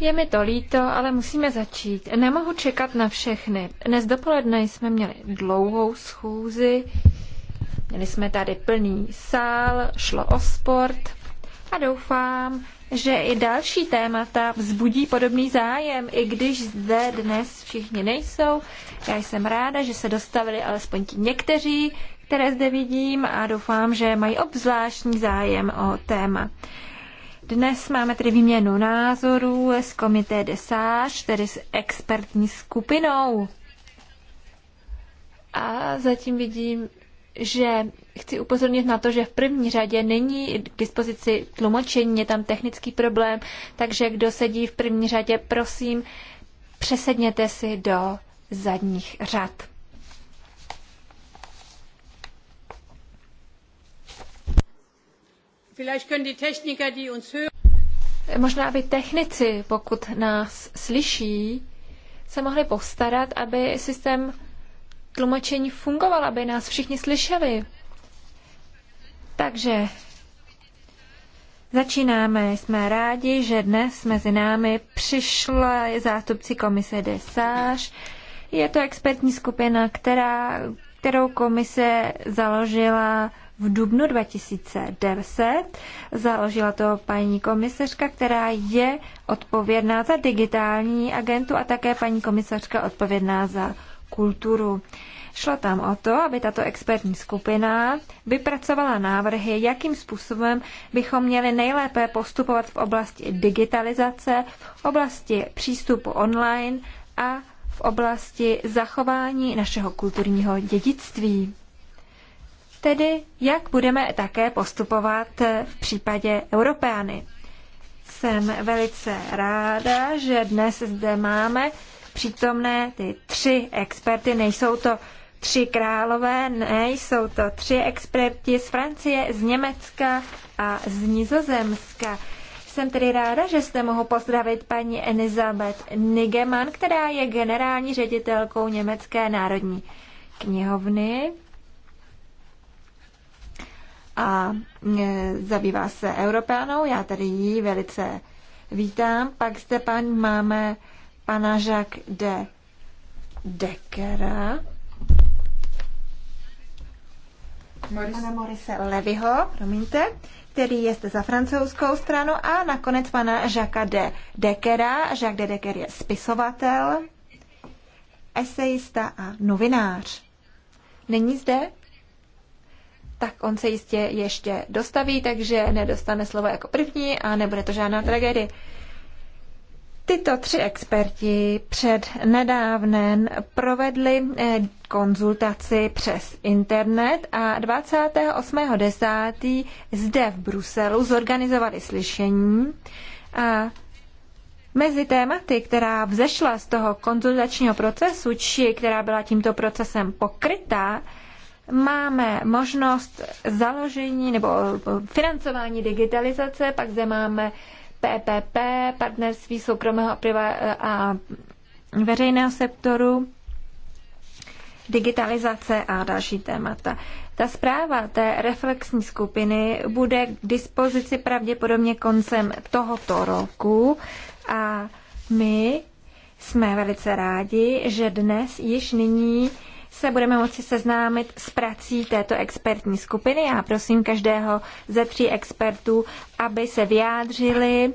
Je mi to líto, ale musíme začít. Nemohu čekat na všechny. Dnes dopoledne jsme měli dlouhou schůzi, měli jsme tady plný sál, šlo o sport a doufám, že i další témata vzbudí podobný zájem, i když zde dnes všichni nejsou. Já jsem ráda, že se dostavili alespoň ti někteří, které zde vidím a doufám, že mají obzvláštní zájem o téma. Dnes máme tedy výměnu názorů s komité Desáž, tedy s expertní skupinou. A zatím vidím, že chci upozornit na to, že v první řadě není k dispozici tlumočení, je tam technický problém, takže kdo sedí v první řadě, prosím, přesedněte si do zadních řad. Možná by technici, pokud nás slyší, se mohli postarat, aby systém tlumočení fungoval, aby nás všichni slyšeli. Takže začínáme. Jsme rádi, že dnes mezi námi přišla zástupci komise DESAŽ. Je to expertní skupina, která, kterou komise založila v dubnu 2010. Založila to paní komisařka, která je odpovědná za digitální agentu a také paní komisařka odpovědná za kulturu. Šlo tam o to, aby tato expertní skupina vypracovala návrhy, jakým způsobem bychom měli nejlépe postupovat v oblasti digitalizace, v oblasti přístupu online a v oblasti zachování našeho kulturního dědictví tedy jak budeme také postupovat v případě Europeany. Jsem velice ráda, že dnes zde máme přítomné ty tři experty. Nejsou to tři králové, ne, jsou to tři experti z Francie, z Německa a z Nizozemska. Jsem tedy ráda, že jste mohu pozdravit paní Elizabeth Nigeman, která je generální ředitelkou Německé národní knihovny a e, zabývá se Europeanou. Já tady ji velice vítám. Pak zde pan, máme pana Jacques de Dekera. Moris. Pana Morise Levyho, promiňte, který je zde za francouzskou stranu a nakonec pana Jacques de Dekera, Jacques de Dekera je spisovatel, esejista a novinář. Není zde? tak on se jistě ještě dostaví, takže nedostane slovo jako první a nebude to žádná tragédie. Tyto tři experti před nedávnen provedli eh, konzultaci přes internet a 28.10. zde v Bruselu zorganizovali slyšení a Mezi tématy, která vzešla z toho konzultačního procesu, či která byla tímto procesem pokrytá, máme možnost založení nebo eh, financování digitalizace, pak zde máme PPP, partnerství soukromého eh, a veřejného sektoru, digitalizace a další témata. Ta zpráva té reflexní skupiny bude k dispozici pravděpodobně koncem tohoto roku a my jsme velice rádi, že dnes již nyní se budeme moci seznámit s prací této expertní skupiny. Já prosím každého ze tří expertů, aby se vyjádřili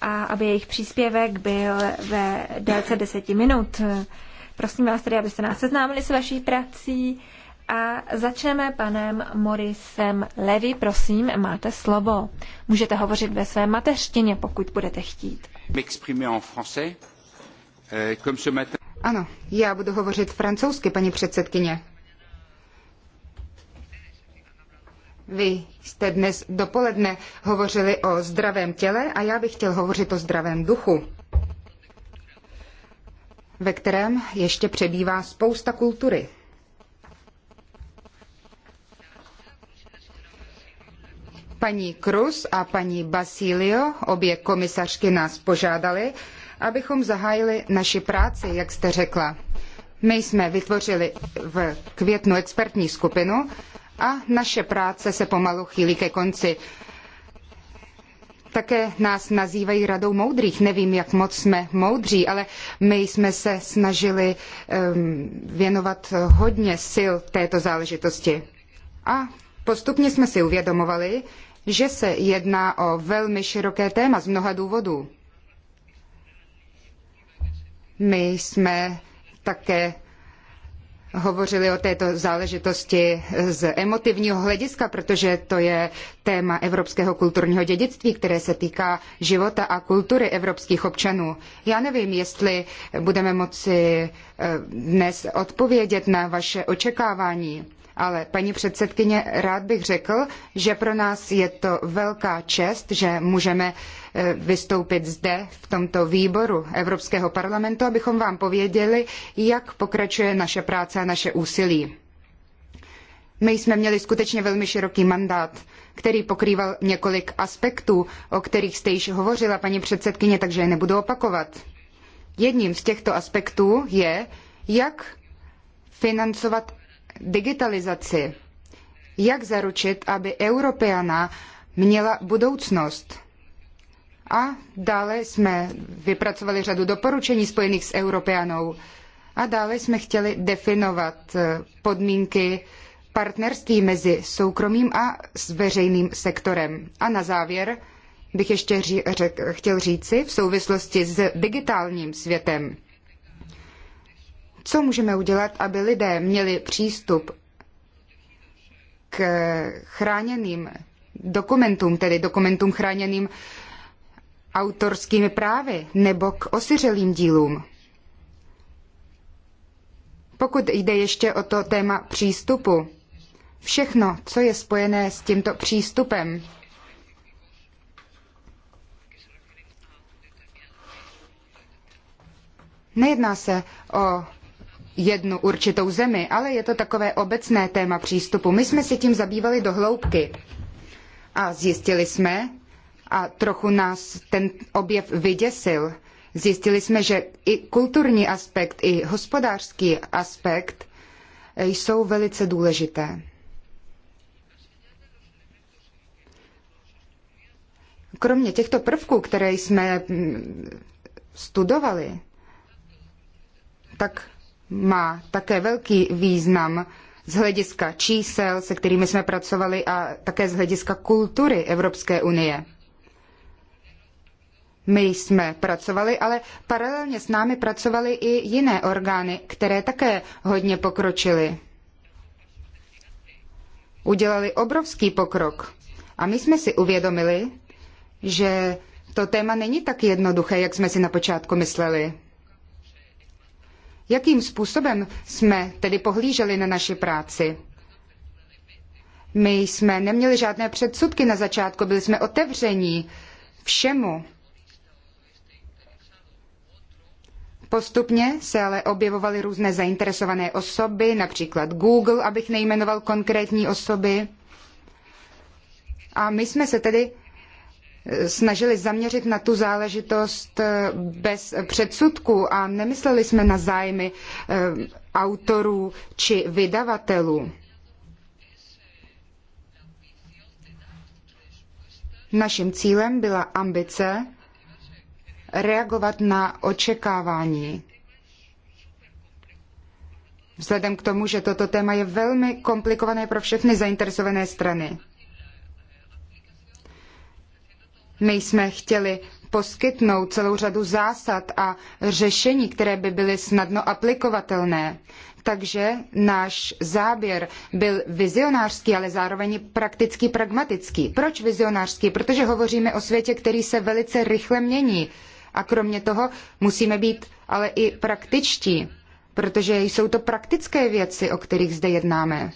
a aby jejich příspěvek byl ve délce deseti minut. Prosím vás tedy, abyste nás seznámili s vaší prací a začneme panem Morisem Levy. Prosím, máte slovo. Můžete hovořit ve své mateřštině, pokud budete chtít. M'exprimer en français, euh, comme ce matin. Ano, já budu hovořit francouzsky, paní předsedkyně. Vy jste dnes dopoledne hovořili o zdravém těle a já bych chtěl hovořit o zdravém duchu, ve kterém ještě přebývá spousta kultury. Paní Cruz a paní Basilio, obě komisařky nás požádali, abychom zahájili naši práci, jak jste řekla. My jsme vytvořili v květnu expertní skupinu a naše práce se pomalu chýlí ke konci. Také nás nazývají radou moudrých. Nevím, jak moc jsme moudří, ale my jsme se snažili um, věnovat hodně sil této záležitosti. A postupně jsme si uvědomovali, že se jedná o velmi široké téma z mnoha důvodů. My jsme také hovořili o této záležitosti z emotivního hlediska, protože to je téma evropského kulturního dědictví, které se týká života a kultury evropských občanů. Já nevím, jestli budeme moci eh, dnes odpovědět na vaše očekávání. Ale paní předsedkyně, rád bych řekl, že pro nás je to velká čest, že můžeme eh, vystoupit zde v tomto výboru Evropského parlamentu, abychom vám pověděli, jak pokračuje naše práce a naše úsilí. My jsme měli skutečně velmi široký mandát, který pokrýval několik aspektů, o kterých jste již hovořila, paní předsedkyně, takže je nebudu opakovat. Jedním z těchto aspektů je, jak financovat digitalizaci. Jak zaručit, aby Europeana měla budoucnost? A dále jsme vypracovali řadu doporučení spojených s Europeanou. A dále jsme chtěli definovat eh, podmínky partnerství mezi soukromým a veřejným sektorem. A na závěr bych ještě ří, řek, chtěl říci v souvislosti s digitálním světem. Co můžeme udělat, aby lidé měli přístup k chráněným dokumentům, tedy dokumentům chráněným autorskými právy nebo k osiřelým dílům? Pokud jde ještě o to téma přístupu, všechno, co je spojené s tímto přístupem, Nejedná se o jednu určitou zemi, ale je to takové obecné téma přístupu. My jsme se tím zabývali do hloubky a zjistili jsme, a trochu nás ten objev vyděsil, zjistili jsme, že i kulturní aspekt, i hospodářský aspekt eh, jsou velice důležité. Kromě těchto prvků, které jsme mm, studovali, tak má také velký význam z hlediska čísel, se kterými jsme pracovali, a také z hlediska kultury Evropské unie. My jsme pracovali, ale paralelně s námi pracovaly i jiné orgány, které také hodně pokročily. Udělali obrovský pokrok. A my jsme si uvědomili, že to téma není tak jednoduché, jak jsme si na počátku mysleli. Jakým způsobem jsme tedy pohlíželi na naši práci? My jsme neměli žádné předsudky na začátku, byli jsme otevření všemu. Postupně se ale objevovaly různé zainteresované osoby, například Google, abych nejmenoval konkrétní osoby. A my jsme se tedy snažili zaměřit na tu záležitost eh, bez předsudků a nemysleli jsme na zájmy eh, autorů či vydavatelů. Naším cílem byla ambice reagovat na očekávání. Vzhledem k tomu, že toto téma je velmi komplikované pro všechny zainteresované strany. My jsme chtěli poskytnout celou řadu zásad a řešení, které by byly snadno aplikovatelné. Takže náš záběr byl vizionářský, ale zároveň prakticky pragmatický. Proč vizionářský? Protože hovoříme o světě, který se velice rychle mění. A kromě toho musíme být ale i praktičtí, protože jsou to praktické věci, o kterých zde jednáme.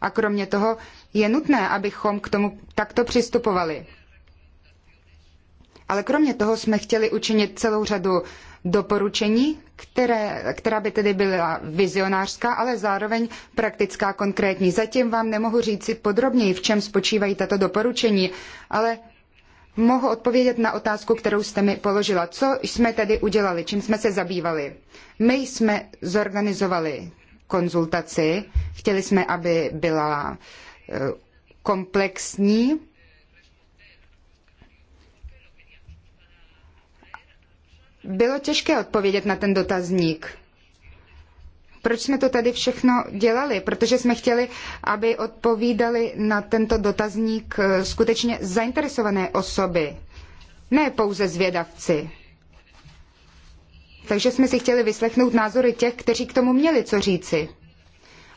A kromě toho je nutné, abychom k tomu takto přistupovali. Ale kromě toho jsme chtěli učinit celou řadu doporučení, které, která by tedy byla vizionářská, ale zároveň praktická, konkrétní. Zatím vám nemohu říci podrobněji, v čem spočívají tato doporučení, ale mohu odpovědět na otázku, kterou jste mi položila. Co jsme tedy udělali, čím jsme se zabývali? My jsme zorganizovali konzultaci, chtěli jsme, aby byla komplexní. Bylo těžké odpovědět na ten dotazník. Proč jsme to tady všechno dělali? Protože jsme chtěli, aby odpovídali na tento dotazník eh, skutečně zainteresované osoby, ne pouze zvědavci. Takže jsme si chtěli vyslechnout názory těch, kteří k tomu měli co říci.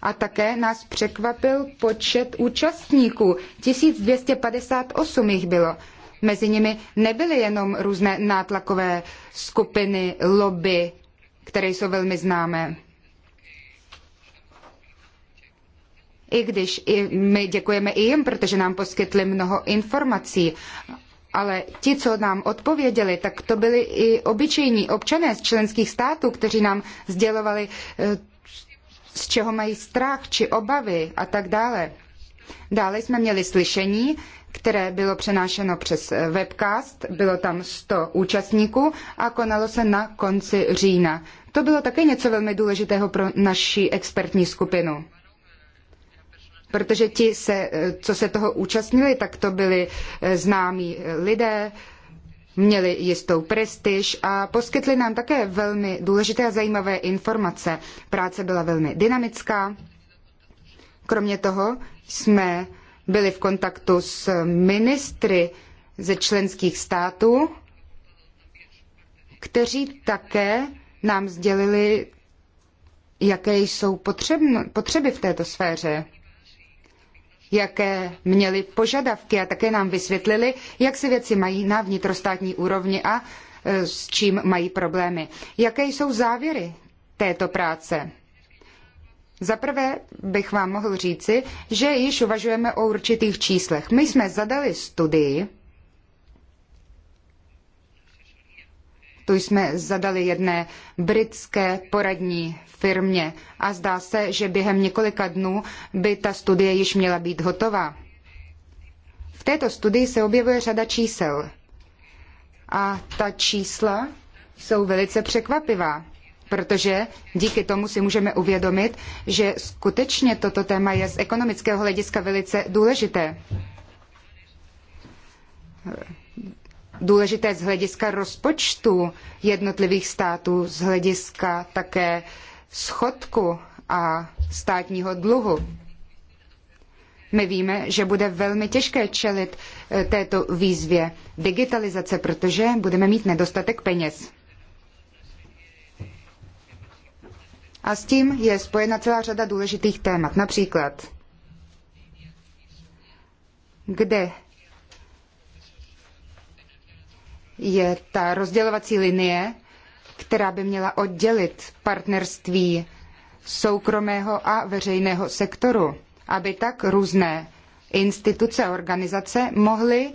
A také nás překvapil počet účastníků. 1258 jich bylo. Mezi nimi nebyly jenom různé nátlakové skupiny, lobby, které jsou velmi známé. I když i my děkujeme i jim, protože nám poskytli mnoho informací, ale ti, co nám odpověděli, tak to byli i obyčejní občané z členských států, kteří nám sdělovali eh, čeho mají strach či obavy a tak dále. Dále jsme měli slyšení, které bylo přenášeno přes webcast, bylo tam 100 účastníků a konalo se na konci října. To bylo také něco velmi důležitého pro naši expertní skupinu. Protože ti, se, co se toho účastnili, tak to byli eh, známí lidé, měli jistou prestiž a poskytli nám také velmi důležité a zajímavé informace. Práce byla velmi dynamická. Kromě toho jsme byli v kontaktu s ministry ze členských států, kteří také nám sdělili, jaké jsou potřeby v této sféře jaké měli požadavky a také nám vysvětlili, jak se věci mají na vnitrostátní úrovni a e, s čím mají problémy. Jaké jsou závěry této práce? Za prvé bych vám mohl říci, že již uvažujeme o určitých číslech. My jsme zadali studii, tu jsme zadali jedné britské poradní firmě a zdá se, že během několika dnů by ta studie již měla být hotová. V této studii se objevuje řada čísel a ta čísla jsou velice překvapivá protože díky tomu si můžeme uvědomit, že skutečně toto téma je z ekonomického hlediska velice důležité důležité z hlediska rozpočtu jednotlivých států, z hlediska také schodku a státního dluhu. My víme, že bude velmi těžké čelit eh, této výzvě digitalizace, protože budeme mít nedostatek peněz. A s tím je spojena celá řada důležitých témat. Například, kde je ta rozdělovací linie, která by měla oddělit partnerství soukromého a veřejného sektoru, aby tak různé instituce a organizace mohly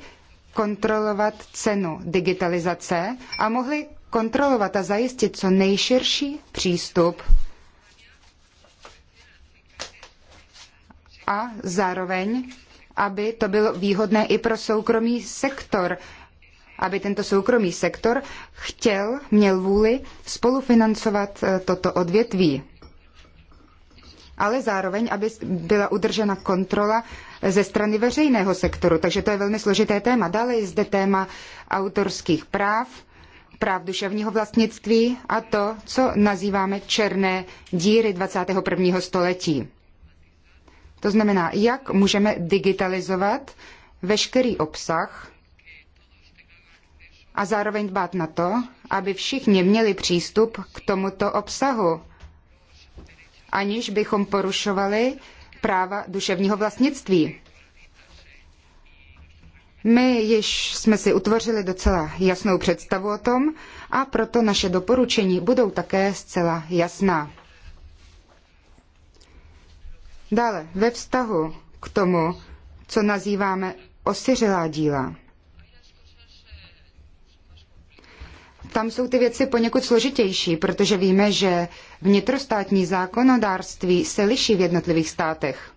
kontrolovat cenu digitalizace a mohly kontrolovat a zajistit co nejširší přístup a zároveň, aby to bylo výhodné i pro soukromý sektor, aby tento soukromý sektor chtěl, měl vůli spolufinancovat eh, toto odvětví. Ale zároveň, aby byla udržena kontrola eh, ze strany veřejného sektoru. Takže to je velmi složité téma. Dále je zde téma autorských práv, práv duševního vlastnictví a to, co nazýváme černé díry 21. století. To znamená, jak můžeme digitalizovat veškerý obsah, a zároveň dbát na to, aby všichni měli přístup k tomuto obsahu, aniž bychom porušovali práva duševního vlastnictví. My již jsme si utvořili docela jasnou představu o tom a proto naše doporučení budou také zcela jasná. Dále, ve vztahu k tomu, co nazýváme osiřelá díla – tam jsou ty věci poněkud složitější, protože víme, že vnitrostátní zákonodárství se liší v jednotlivých státech.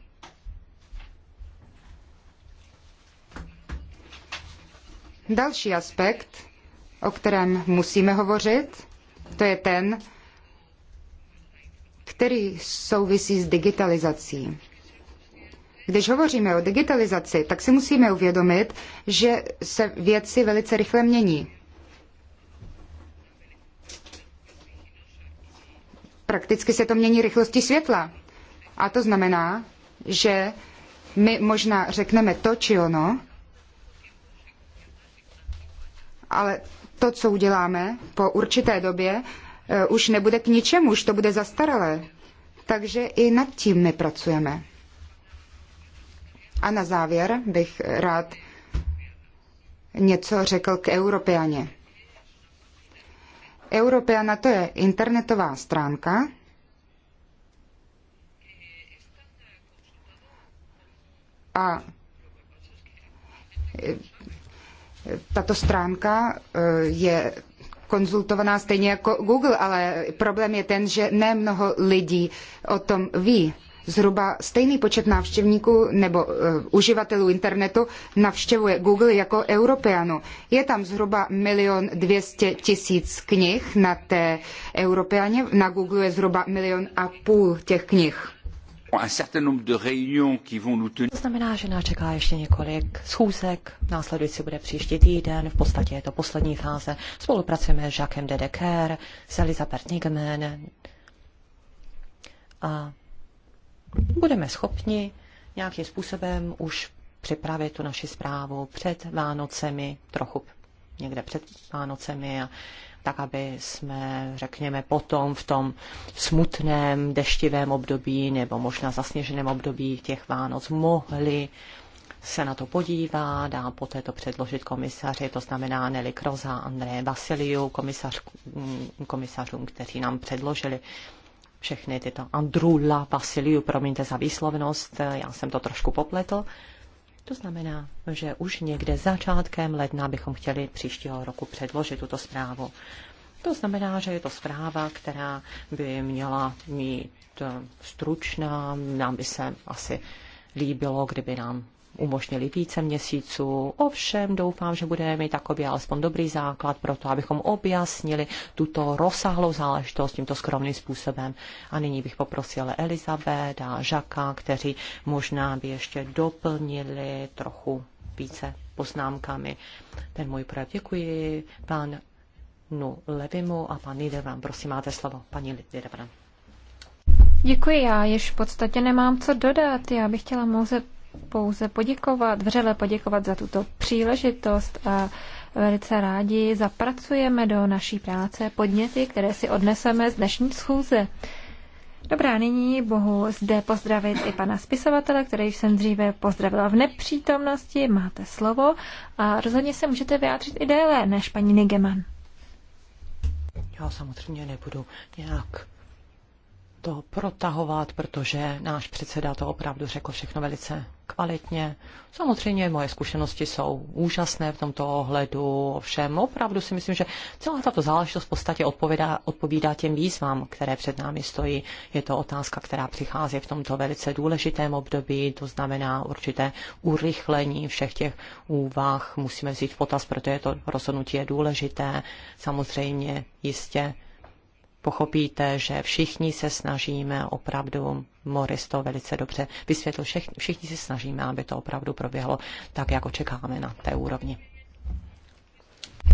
Další aspekt, o kterém musíme hovořit, to je ten, který souvisí s digitalizací. Když hovoříme o digitalizaci, tak si musíme uvědomit, že se věci velice rychle mění. prakticky se to mění rychlostí světla. A to znamená, že my možná řekneme to či ono, ale to, co uděláme po určité době, e, už nebude k ničemu, už to bude zastaralé. Takže i nad tím my pracujeme. A na závěr bych rád něco řekl k Europeaně. Europeana, to je internetová stránka, a e, tato stránka e, je konzultovaná stejně jako Google, ale problém je ten, že ne mnoho lidí o tom ví zhruba stejný počet návštěvníků nebo uh, uživatelů internetu navštěvuje Google jako Europeanu. Je tam zhruba milion dvěstě tisíc knih na té Europeaně, na Google je zhruba milion a půl těch knih. To znamená, že nás čeká ještě několik schůzek. Následující bude příští týden. V podstatě je to poslední fáze. Spolupracujeme s Jacques Dedeker, s Elizabeth Nigman a budeme schopni nějakým způsobem už připravit tu naši zprávu před Vánocemi, trochu někde před Vánocemi a tak, aby jsme, řekněme, potom v tom smutném, deštivém období nebo možná zasněženém období těch Vánoc mohli se na to podívat a poté to předložit komisaři, to znamená Nelly Kroza, André Vasiliu, komisař, mm, komisařům, kteří nám předložili všechny tyto Andrula Vasiliu, promiňte za výslovnost, já jsem to trošku popletl. To znamená, že už někde začátkem ledna bychom chtěli příštího roku předložit tuto zprávu. To znamená, že je to zpráva, která by měla mít eh, stručná, nám by se asi líbilo, kdyby nám umožnili více měsíců. Ovšem doufám, že budeme mít takový alespoň dobrý základ pro to, abychom objasnili tuto rozsáhlou záležitost tímto skromným způsobem. A nyní bych poprosila Elizabeth a Žaka, kteří možná by ještě doplnili trochu více poznámkami ten můj projev. Děkuji pán Nu Levimu a pan Lidevran. Prosím, máte slovo, paní Lidevran. Děkuji, já již v podstatě nemám co dodat. Já bych chtěla pouze, pouze poděkovat, vřele poděkovat za tuto příležitost a velice rádi zapracujeme do naší práce podněty, které si odneseme z dnešní schůze. Dobrá, nyní bohu zde pozdravit i pana spisovatele, který jsem dříve pozdravila v nepřítomnosti. Máte slovo a rozhodně se můžete vyjádřit i déle než paní Nigeman. Já samozřejmě nebudu nějak to protahovat, protože náš předseda to opravdu řekl všechno velice kvalitně. Samozřejmě moje zkušenosti jsou úžasné v tomto ohledu, ovšem opravdu si myslím, že celá tato záležitost v podstatě odpovídá, odpovídá těm výzvám, které před námi stojí. Je to otázka, která přichází v tomto velice důležitém období, to znamená určité urychlení všech těch úvah, musíme vzít v potaz, protože to rozhodnutí je důležité. Samozřejmě jistě pochopíte, že všichni se snažíme opravdu, Moris to velice dobře vysvětlil, všichni se snažíme, aby to opravdu proběhlo tak, jako čekáme na té úrovni.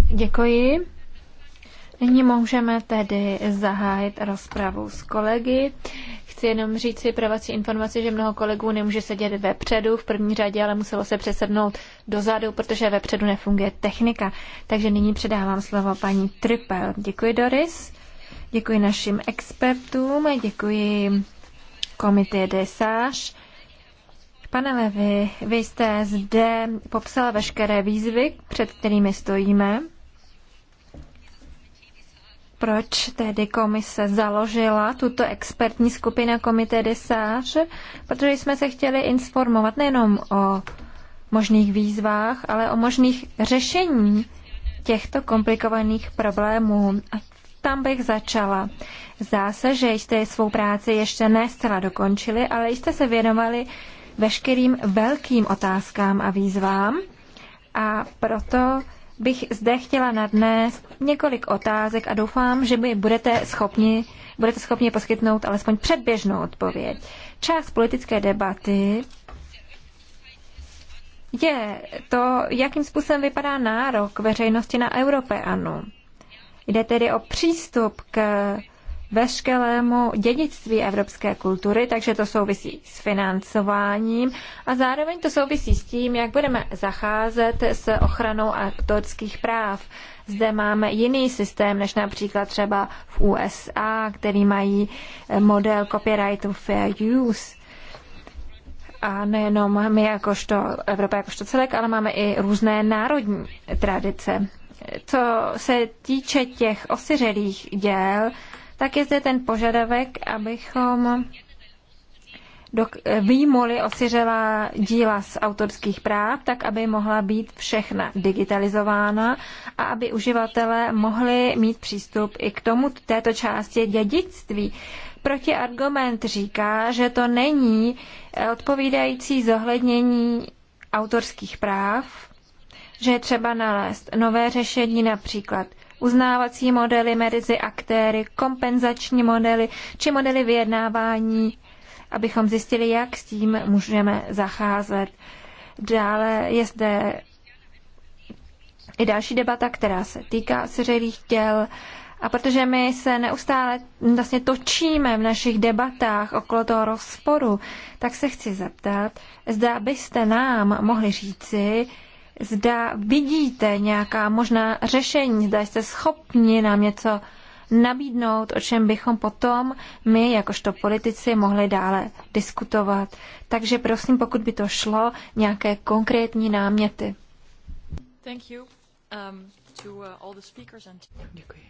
Děkuji. Nyní můžeme tedy zahájit rozpravu s kolegy. Chci jenom říct si pravací informaci, že mnoho kolegů nemůže sedět vepředu v první řadě, ale muselo se přesednout dozadu, protože vepředu nefunguje technika. Takže nyní předávám slovo paní Trypel. Děkuji, Doris. Děkuji našim expertům, děkuji komité Desáž. Pane Levy, vy jste zde popsal veškeré výzvy, před kterými stojíme. Proč tedy komise založila tuto expertní skupinu komité Desáž? Protože jsme se chtěli informovat nejenom o možných výzvách, ale o možných řešení těchto komplikovaných problémů. A tam bych začala. Zdá se, že jste svou práci ještě ne zcela dokončili, ale jste se věnovali veškerým velkým otázkám a výzvám a proto bych zde chtěla nadnést několik otázek a doufám, že by budete schopni, budete schopni poskytnout alespoň předběžnou odpověď. Část politické debaty je to, jakým způsobem vypadá nárok veřejnosti na Europeanu. Jde tedy o přístup k veškerému dědictví evropské kultury, takže to souvisí s financováním a zároveň to souvisí s tím, jak budeme zacházet s ochranou autorských práv. Zde máme jiný systém než například třeba v USA, který mají eh, model copyrightu fair use. A nejenom my jakožto Evropa jakožto celek, ale máme i různé národní tradice co se týče těch osiřelých děl, tak je zde ten požadavek, abychom výmoly osyřela díla z autorských práv, tak aby mohla být všechna digitalizována a aby uživatelé mohli mít přístup i k tomu této části dědictví. Protiargument říká, že to není odpovídající zohlednění autorských práv že je třeba nalézt nové řešení, například uznávací modely mezi aktéry, kompenzační modely či modely vyjednávání, abychom zjistili, jak s tím můžeme zacházet. Dále je zde i další debata, která se týká seřelých těl. A protože my se neustále vlastně točíme v našich debatách okolo toho rozporu, tak se chci zeptat, zda byste nám mohli říci, zda vidíte nějaká možná řešení, zda jste schopni nám něco nabídnout, o čem bychom potom my, jakožto politici, mohli dále diskutovat. Takže prosím, pokud by to šlo, nějaké konkrétní náměty. Thank you, um, to, uh, all the speakers and... Děkuji.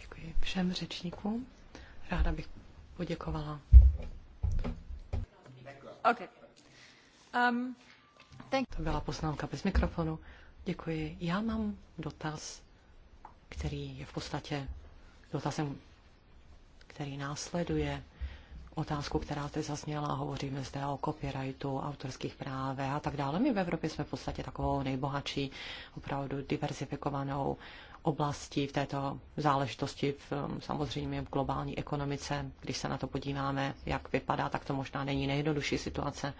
Děkuji všem řečníkům. Ráda bych poděkovala. Okay. Um, to byla poznámka bez mikrofonu. Děkuji. Já mám dotaz, který je v podstatě dotazem, který následuje otázku, která zde zazněla, hovoříme zde o copyrightu, autorských právech a tak dále. My v Evropě jsme v podstatě takovou nejbohatší, opravdu diversifikovanou oblastí v této záležitosti, v, um, samozřejmě v globální ekonomice. Když se na to podíváme, jak vypadá, tak to možná není nejjednodušší situace.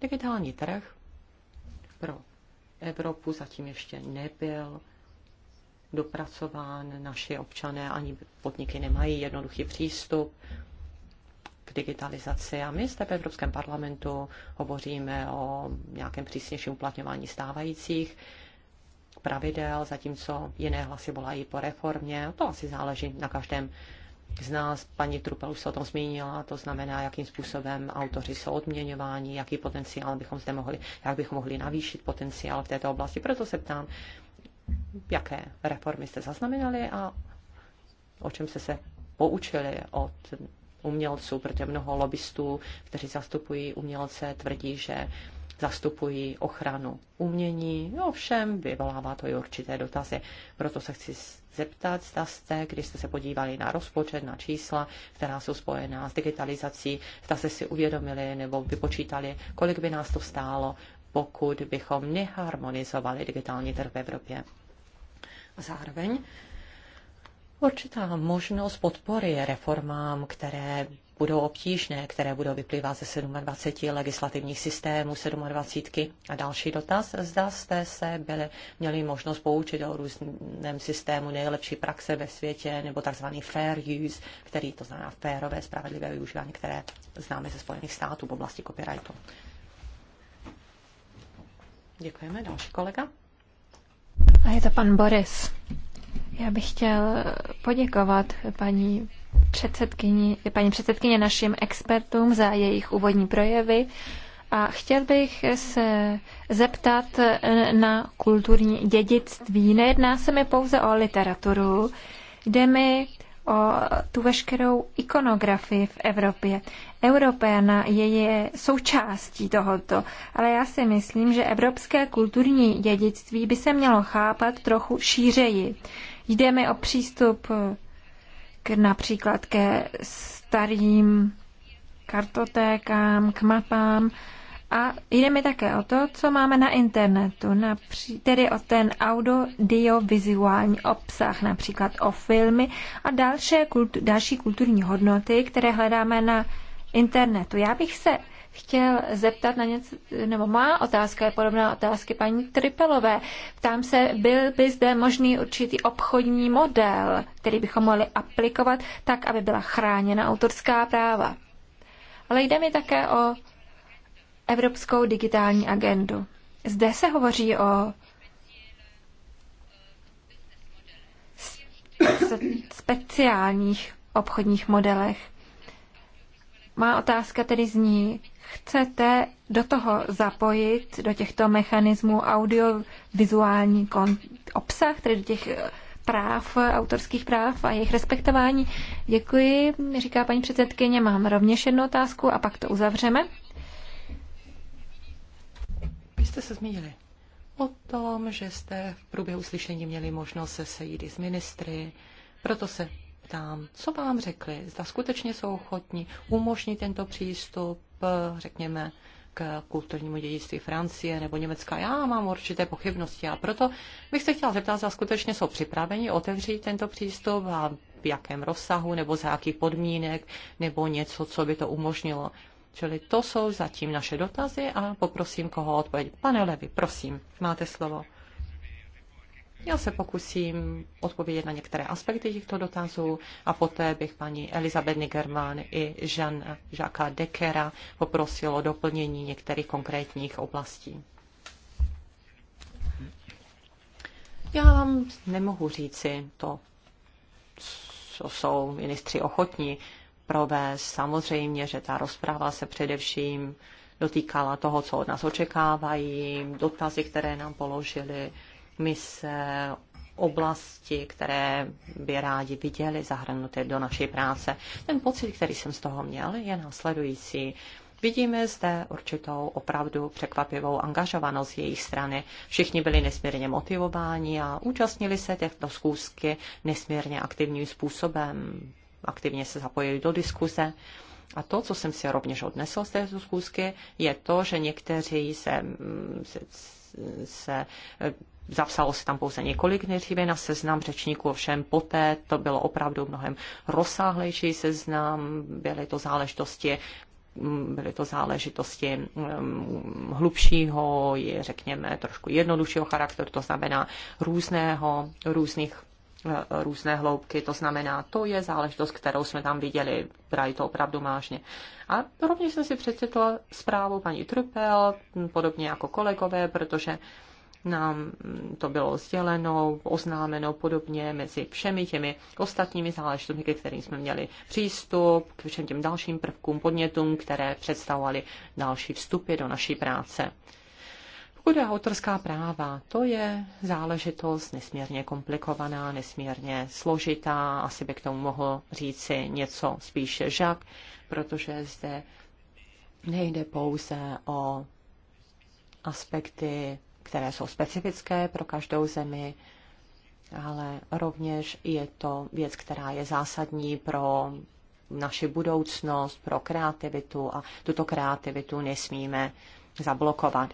Digitální trh pro Evropu zatím ještě nebyl dopracován. Naši občané ani podniky nemají jednoduchý přístup k digitalizaci. A my zde v Evropském parlamentu hovoříme o nějakém přísnějším uplatňování stávajících pravidel, zatímco jiné hlasy volají po reformě. To asi záleží na každém z nás, paní Trupel už se o tom zmínila, to znamená, jakým způsobem autoři jsou odměňováni, jaký potenciál bychom zde mohli, jak bychom mohli navýšit potenciál v této oblasti. Proto se ptám, jaké reformy jste zaznamenali a o čem jste se poučili od umělců, protože mnoho lobbystů, kteří zastupují umělce, tvrdí, že zastupují ochranu umění, no, ovšem vyvolává to i určité dotazy. Proto se chci zeptat, zda jste, když jste se podívali na rozpočet, na čísla, která jsou spojená s digitalizací, zda jste si uvědomili nebo vypočítali, kolik by nás to stálo, pokud bychom neharmonizovali digitální trh v Evropě. Zároveň určitá možnost podpory reformám, které budou obtížné, které budou vyplývat ze 27 legislativních systémů 27. A další dotaz, zda jste se byli, měli možnost poučit o různém systému nejlepší praxe ve světě, nebo tzv. fair use, který to znamená férové, spravedlivé využívání, které známe ze Spojených států v oblasti copyrightu. Děkujeme. Další kolega. A je to pan Boris. Já bych chtěl poděkovat paní předsedkyni, paní předsedkyně našim expertům za jejich úvodní projevy a chtěl bych se zeptat na kulturní dědictví. Nejedná se mi pouze o literaturu, jde mi o tu veškerou ikonografii v Evropě. Europeana je, je součástí tohoto, ale já si myslím, že evropské kulturní dědictví by se mělo chápat trochu šířeji. Jde mi o přístup k, například ke starým kartotékám, k mapám. A jde mi také o to, co máme na internetu, napří, tedy o ten audiovizuální obsah, například o filmy a další, kultu, další kulturní hodnoty, které hledáme na internetu. Já bych se chtěl zeptat na něco, nebo má otázka je podobná otázky paní Tripelové. Tam se, byl by zde možný určitý obchodní model, který bychom mohli aplikovat tak, aby byla chráněna autorská práva. Ale jde mi také o Evropskou digitální agendu. Zde se hovoří o speciálních obchodních modelech. Má otázka tedy zní, chcete do toho zapojit, do těchto mechanismů audiovizuální obsah, tedy do těch eh, práv, autorských práv a jejich respektování. Děkuji, říká paní předsedkyně, mám rovněž jednu otázku a pak to uzavřeme. Vy jste se zmínili o tom, že jste v průběhu slyšení měli možnost se sejít i s ministry, proto se ptám, co vám řekli, zda skutečně jsou ochotní umožnit tento přístup řekněme, k kulturnímu dědictví Francie nebo Německa. Já mám určité pochybnosti a proto bych se chtěla zeptat, zda skutečně jsou připraveni otevřít tento přístup a v jakém rozsahu nebo za jakých podmínek nebo něco, co by to umožnilo. Čili to jsou zatím naše dotazy a poprosím koho odpověď. Pane Levy, prosím, máte slovo. Já se pokusím odpovědět na některé aspekty těchto dotazů a poté bych paní Elizabeth Nigerman i Jean Jacques Dekera poprosil o doplnění některých konkrétních oblastí. Já vám nemohu říci to, co jsou ministři ochotní provést. Samozřejmě, že ta rozpráva se především dotýkala toho, co od nás očekávají, dotazy, které nám položili, mise, oblasti, které by rádi viděli zahrnuté do naší práce. Ten pocit, který jsem z toho měl, je následující. Vidíme zde určitou opravdu překvapivou angažovanost jejich strany. Všichni byli nesmírně motivováni a účastnili se těchto zkoušky nesmírně aktivním způsobem. Aktivně se zapojili do diskuze. A to, co jsem si rovněž odnesl z této zkoušky, je to, že někteří se, se, se Zapsalo se tam pouze několik nejdříve na seznam řečníků, ovšem poté to bylo opravdu mnohem rozsáhlejší seznam, byly to záležitosti byly to záležitosti mm, hlubšího, je, řekněme, trošku jednoduššího charakteru, to znamená různého, různých eh, různé hloubky, to znamená, to je záležitost, kterou jsme tam viděli, brali to opravdu mážně. A rovněž jsem si přečetla zprávu paní Trupel, podobně jako kolegové, protože uh, nám to bylo sděleno, oznámeno podobně mezi všemi těmi ostatními záležitostmi, ke kterým jsme měli přístup, k všem těm dalším prvkům, podnětům, které představovaly další vstupy do naší práce. Pokud je autorská práva, to je záležitost nesmírně komplikovaná, nesmírně složitá. Asi by k tomu mohl říci něco spíše žak, protože zde nejde pouze o aspekty které jsou specifické pro každou zemi, ale rovněž je to věc, která je zásadní pro naši budoucnost, pro kreativitu a tuto kreativitu nesmíme zablokovat.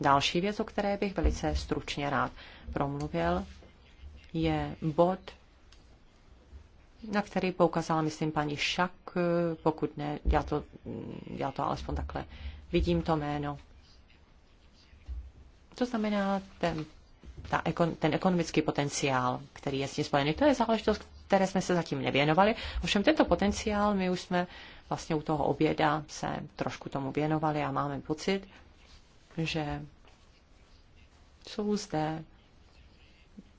Další věc, o které bych velice stručně rád promluvil, je bod, na který poukázala, myslím, paní Šak, pokud ne, já to, já to alespoň takhle vidím to jméno. To znamená ten, ta, ten ekonomický potenciál, který je s tím spojený. To je záležitost, které jsme se zatím nevěnovali. Ovšem tento potenciál, my už jsme vlastně u toho oběda se trošku tomu věnovali a máme pocit, že jsou zde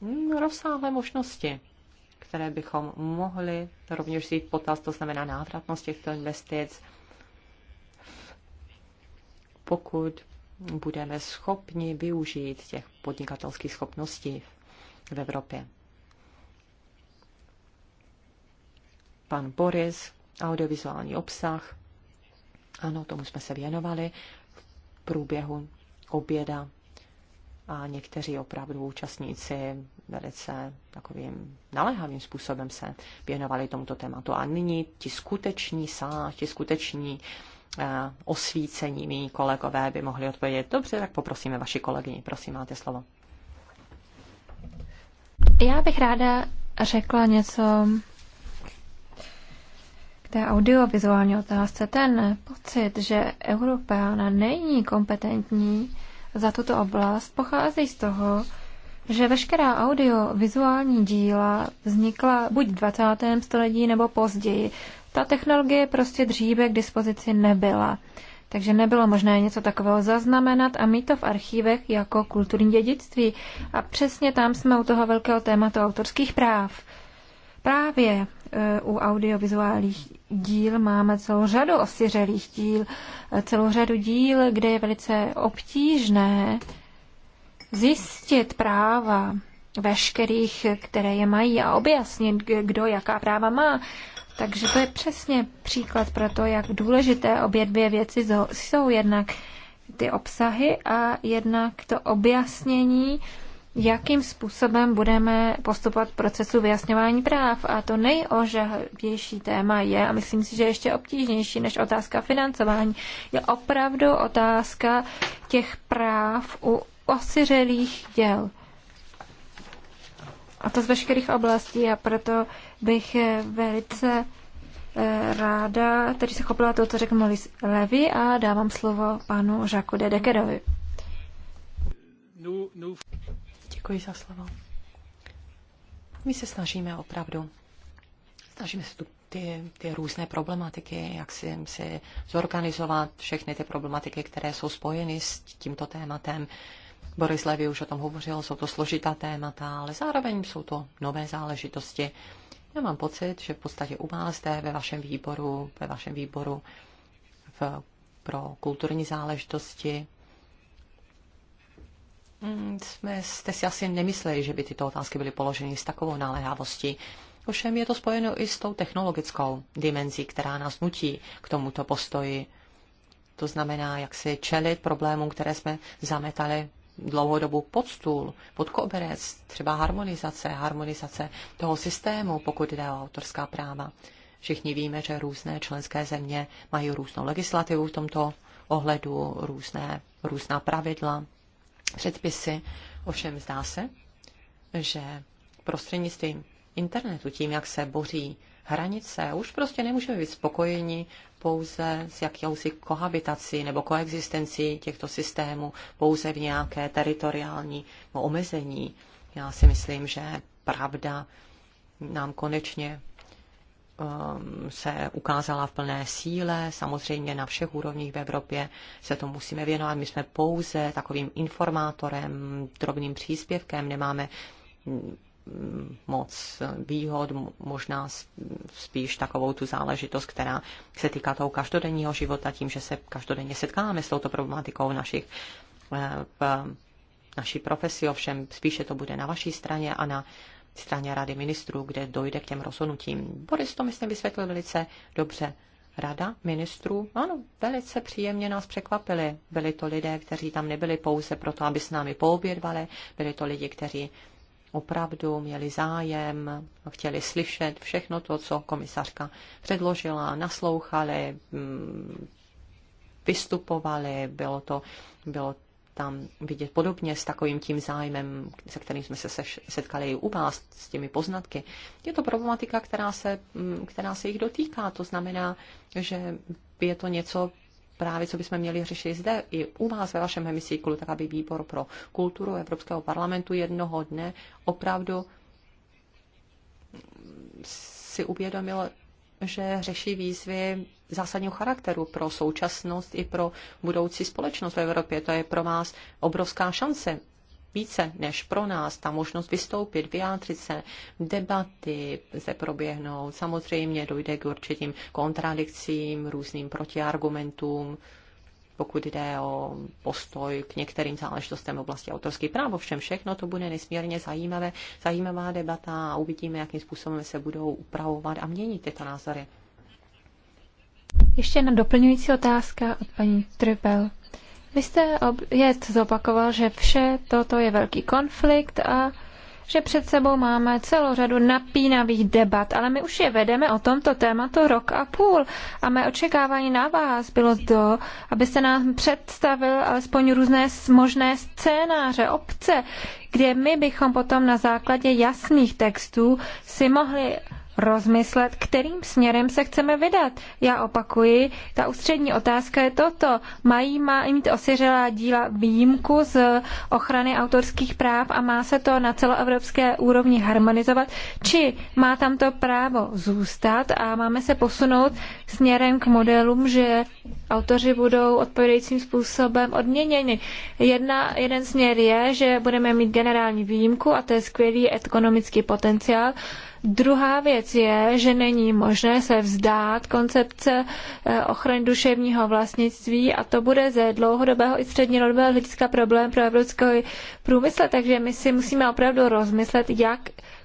hm, rozsáhlé možnosti, které bychom mohli rovněž vzít potaz, to znamená návratnost těchto investic, pokud budeme schopni využít těch podnikatelských schopností v Evropě. Pan Boris, audiovizuální obsah. Ano, tomu jsme se věnovali v průběhu oběda a někteří opravdu účastníci velice takovým naléhavým způsobem se věnovali tomuto tématu. A nyní ti skuteční sá, ti skuteční uh, osvícení. Mí kolegové by mohli odpovědět. Dobře, tak poprosíme vaši kolegyni. Prosím, máte slovo. Já bych ráda řekla něco k té audiovizuální otázce. Ten pocit, že Europeana není kompetentní za tuto oblast, pochází z toho, že veškerá audiovizuální díla vznikla buď v 20. století nebo později. Ta technologie prostě dříve k dispozici nebyla. Takže nebylo možné něco takového zaznamenat a mít to v archívech jako kulturní dědictví. A přesně tam jsme u toho velkého tématu autorských práv. Právě e, u audiovizuálních díl máme celou řadu osiřelých díl, e, celou řadu díl, kde je velice obtížné zjistit práva veškerých, které je mají a objasnit, kdo jaká práva má. Takže to je přesně příklad pro to, jak důležité obě dvě věci jsou jednak ty obsahy a jednak to objasnění, jakým způsobem budeme postupovat v procesu vyjasňování práv. A to nejožavější téma je, a myslím si, že ještě obtížnější než otázka financování, je opravdu otázka těch práv u osiřelých děl. A to z veškerých oblastí a proto bych eh, velice eh, ráda tedy se chopila to, co řekl Molis Levy a dávám slovo panu Žáku Dedekerovi. Děkuji za slovo. My se snažíme opravdu. Snažíme se tu ty, ty různé problematiky, jak si, si zorganizovat všechny ty problematiky, které jsou spojeny s tímto tématem. Boris Levy už o tom hovořil, jsou to složitá témata, ale zároveň jsou to nové záležitosti, já mám pocit, že v podstatě u vás jste ve vašem výboru, ve vašem výboru v, pro kulturní záležitosti mm, jsme, jste si asi nemysleli, že by tyto otázky byly položeny s takovou naléhavostí. Ovšem je to spojeno i s tou technologickou dimenzí, která nás nutí k tomuto postoji. To znamená, jak si čelit problémům, které jsme zametali dlouhou dobu pod stůl, pod koberec, třeba harmonizace, harmonizace toho systému, pokud jde o autorská práva. Všichni víme, že různé členské země mají různou legislativu v tomto ohledu, různé, různá pravidla, předpisy. Ovšem zdá se, že prostřednictvím internetu, tím, jak se boří hranice, už prostě nemůžeme být spokojeni pouze s jakousi kohabitací nebo koexistencí těchto systémů, pouze v nějaké teritoriální omezení. Já si myslím, že pravda nám konečně um, se ukázala v plné síle. Samozřejmě na všech úrovních v Evropě se to musíme věnovat. My jsme pouze takovým informátorem, drobným příspěvkem, nemáme moc výhod, možná spíš takovou tu záležitost, která se týká toho každodenního života, tím, že se každodenně setkáme s touto problematikou v našich, eh, v naší profesi, ovšem spíše to bude na vaší straně a na straně Rady ministrů, kde dojde k těm rozhodnutím. Boris to, myslím, vysvětlil velice dobře. Rada ministrů, ano, velice příjemně nás překvapili. Byli to lidé, kteří tam nebyli pouze proto, aby s námi poobědvali, byli to lidi, kteří opravdu měli zájem, chtěli slyšet všechno to, co komisařka předložila, naslouchali, mm, vystupovali, bylo to, bylo tam vidět podobně s takovým tím zájmem, se kterým jsme se setkali i u vás, s těmi poznatky. Je to problematika, která se, mm, která se jich dotýká. To znamená, že je to něco, právě co bychom měli řešit zde i u vás ve vašem hemisíklu, tak aby výbor pro kulturu Evropského parlamentu jednoho dne opravdu si uvědomil, že řeší výzvy zásadního charakteru pro současnost i pro budoucí společnost v Evropě. To je pro vás obrovská šance více než pro nás ta možnost vystoupit, vyjádřit se, debaty se proběhnou. Samozřejmě dojde k určitým kontradikcím, různým protiargumentům, pokud jde o postoj k některým záležitostem v oblasti autorských práv. Ovšem všechno to bude nesmírně zajímavé, zajímavá debata a uvidíme, jakým způsobem se budou upravovat a měnit tyto názory. Ještě na doplňující otázka od paní Trypel. Vy jste opět zopakoval, že vše toto je velký konflikt a že před sebou máme celou řadu napínavých debat, ale my už je vedeme o tomto tématu rok a půl a mé očekávání na vás bylo to, abyste nám představil alespoň různé možné scénáře, obce, kde my bychom potom na základě jasných textů si mohli rozmyslet, kterým směrem se chceme vydat. Já opakuji, ta ústřední otázka je toto. Mají má mít osiřelá díla výjimku z ochrany autorských práv a má se to na celoevropské úrovni harmonizovat, či má tam to právo zůstat a máme se posunout směrem k modelům, že autoři budou odpovědajícím způsobem odměněni. Jedna, jeden směr je, že budeme mít generální výjimku a to je skvělý ekonomický potenciál, Druhá věc je, že není možné se vzdát koncepce eh, ochrany duševního vlastnictví a to bude ze dlouhodobého i střednědobého hlediska problém pro evropský průmysl, takže my si musíme opravdu rozmyslet, jak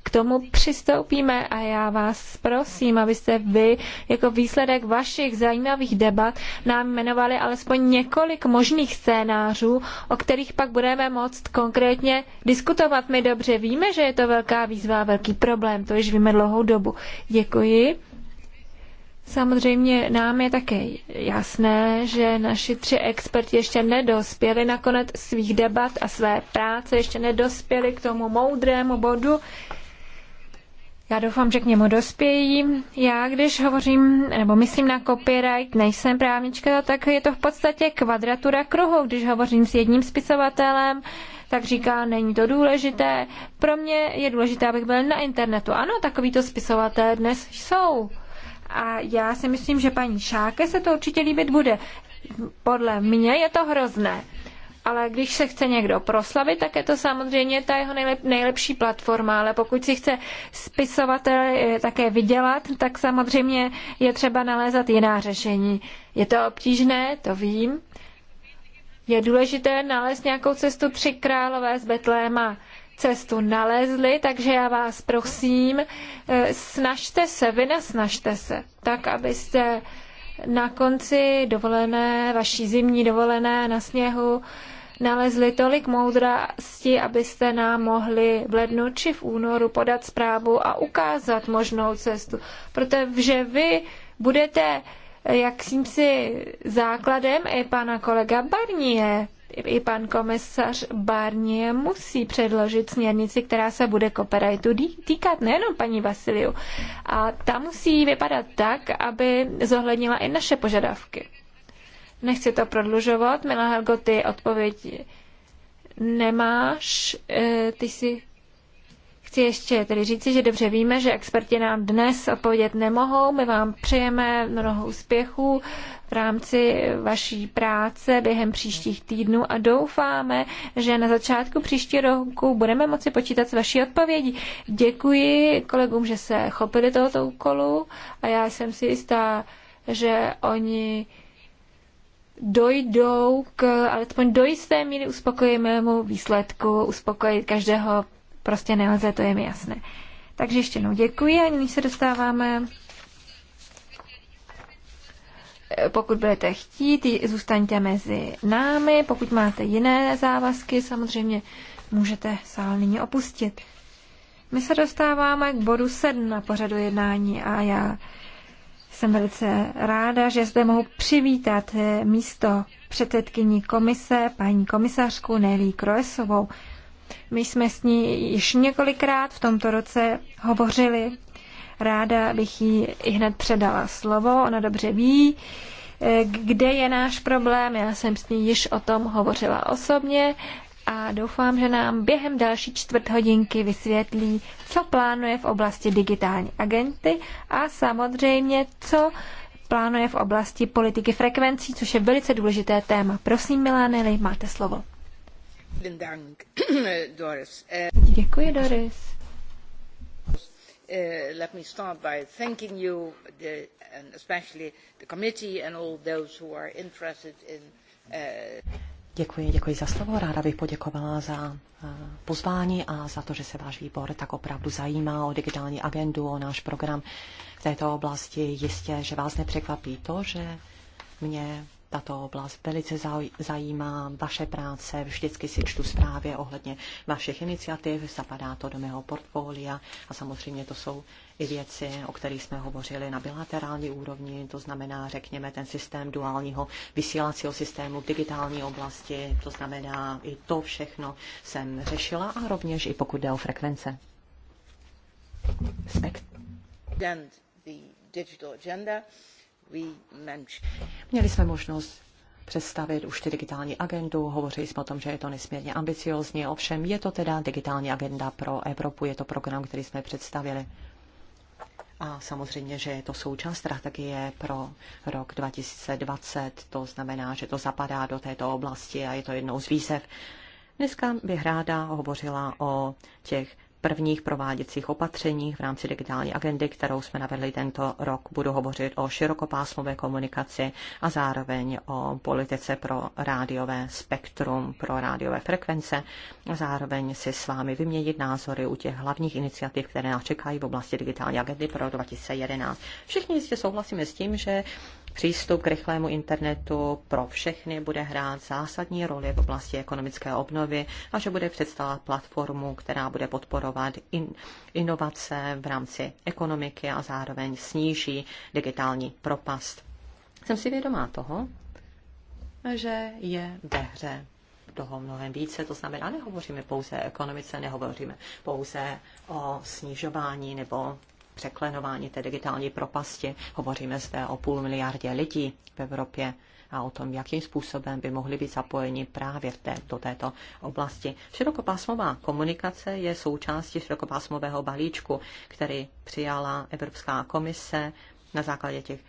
k tomu přistoupíme a já vás prosím, abyste vy jako výsledek vašich zajímavých debat nám jmenovali alespoň několik možných scénářů, o kterých pak budeme moct konkrétně diskutovat. My dobře víme, že je to velká výzva, velký problém, to již víme dlouhou dobu. Děkuji. Samozřejmě nám je také jasné, že naši tři experti ještě nedospěli nakonec svých debat a své práce, ještě nedospěli k tomu moudrému bodu, já doufám, že k němu dospějí. Já, když hovořím, nebo myslím na copyright, nejsem právnička, tak je to v podstatě kvadratura kruhu. Když hovořím s jedním spisovatelem, tak říká, není to důležité. Pro mě je důležité, abych byl na internetu. Ano, takovýto spisovatelé dnes jsou. A já si myslím, že paní Šáke se to určitě líbit bude. Podle mě je to hrozné ale když se chce někdo proslavit, tak je to samozřejmě ta jeho nejlepší platforma, ale pokud si chce spisovatel eh, také vydělat, tak samozřejmě je třeba nalézat jiná řešení. Je to obtížné, to vím. Je důležité nalézt nějakou cestu tři králové z Betléma cestu nalezli, takže já vás prosím, eh, snažte se, vynasnažte se, tak abyste na konci dovolené, vaší zimní dovolené na sněhu, nalezli tolik moudrosti, abyste nám mohli v lednu či v únoru podat zprávu a ukázat možnou cestu. Protože vy budete jakýmsi základem i pana kolega Barnie. I pan komisař Barnier musí předložit směrnici, která se bude copyrightu týkat, nejenom paní Vasiliu. A ta musí vypadat tak, aby zohlednila i naše požadavky. Nechci to prodlužovat. Milá Helgo, ty odpověď nemáš. E, ty si chci ještě tedy říci, že dobře víme, že experti nám dnes odpovědět nemohou. My vám přejeme mnoho úspěchů v rámci vaší práce během příštích týdnů a doufáme, že na začátku příští roku budeme moci počítat s vaší odpovědí. Děkuji kolegům, že se chopili tohoto úkolu a já jsem si jistá, že oni dojdou k alespoň do jisté míry uspokojivému výsledku. Uspokojit každého prostě nelze, to je mi jasné. Takže ještě jednou děkuji a nyní se dostáváme eh, pokud budete chtít, zůstaňte mezi námi. Pokud máte jiné závazky, samozřejmě můžete sál nyní opustit. My se dostáváme k bodu 7 na pořadu jednání a já jsem velice ráda, že zde mohu přivítat eh, místo předsedkyní komise, paní komisařku Nelly Kroesovou. My jsme s ní již několikrát v tomto roce hovořili. Ráda bych jí i hned předala slovo. Ona dobře ví, eh, kde je náš problém. Já jsem s ní již o tom hovořila osobně a doufám, že nám během další čtvrt hodinky vysvětlí, co plánuje v oblasti digitální agenty a samozřejmě, co plánuje v oblasti politiky frekvencí, což je velice důležité téma. Prosím, Miláneli, máte slovo. Děkuji, Doris. Uh, let me start by thanking you, the, and especially the committee and all those who are interested in uh... Děkuji, děkuji za slovo. Ráda bych poděkovala za eh, pozvání a za to, že se váš výbor tak opravdu zajímá o digitální agendu, o náš program v této oblasti. Jistě, že vás nepřekvapí to, že mě tato oblast velice zajímá, vaše práce, vždycky si čtu zprávy ohledně vašich iniciativ, zapadá to do mého portfolia a samozřejmě to jsou věci, o kterých jsme hovořili na bilaterální úrovni, to znamená, řekněme, ten systém duálního vysílacího systému v digitální oblasti, to znamená, i to všechno jsem řešila a rovněž i pokud jde o frekvence. Měli jsme možnost představit už ty digitální agendu. Hovořili jsme o tom, že je to nesmírně ambiciozní, ovšem je to teda digitální agenda pro Evropu, je to program, který jsme představili. A samozřejmě, že je to součást strategie pro rok 2020, to znamená, že to zapadá do této oblasti a je to jednou z výzev. Dneska bych ráda hovořila o těch prvních prováděcích opatřeních v rámci digitální agendy, kterou jsme navedli tento rok. Budu hovořit o širokopásmové komunikaci a zároveň o politice pro rádiové spektrum, pro rádiové frekvence. Zároveň si s vámi vyměnit názory u těch hlavních iniciativ, které nás čekají v oblasti digitální agendy pro 2011. Všichni jistě souhlasíme s tím, že Přístup k rychlému internetu pro všechny bude hrát zásadní roli v oblasti ekonomické obnovy a že bude představovat platformu, která bude podporovat in, inovace v rámci ekonomiky a zároveň sníží digitální propast. Jsem si vědomá toho, že je ve hře toho mnohem více. To znamená, nehovoříme pouze o ekonomice, nehovoříme pouze o snižování nebo překlenování té digitální propasti. Hovoříme zde o půl miliardě lidí v Evropě a o tom, jakým způsobem by mohli být zapojeni právě v té, do této oblasti. Širokopásmová komunikace je součástí širokopásmového balíčku, který přijala Evropská komise na základě těch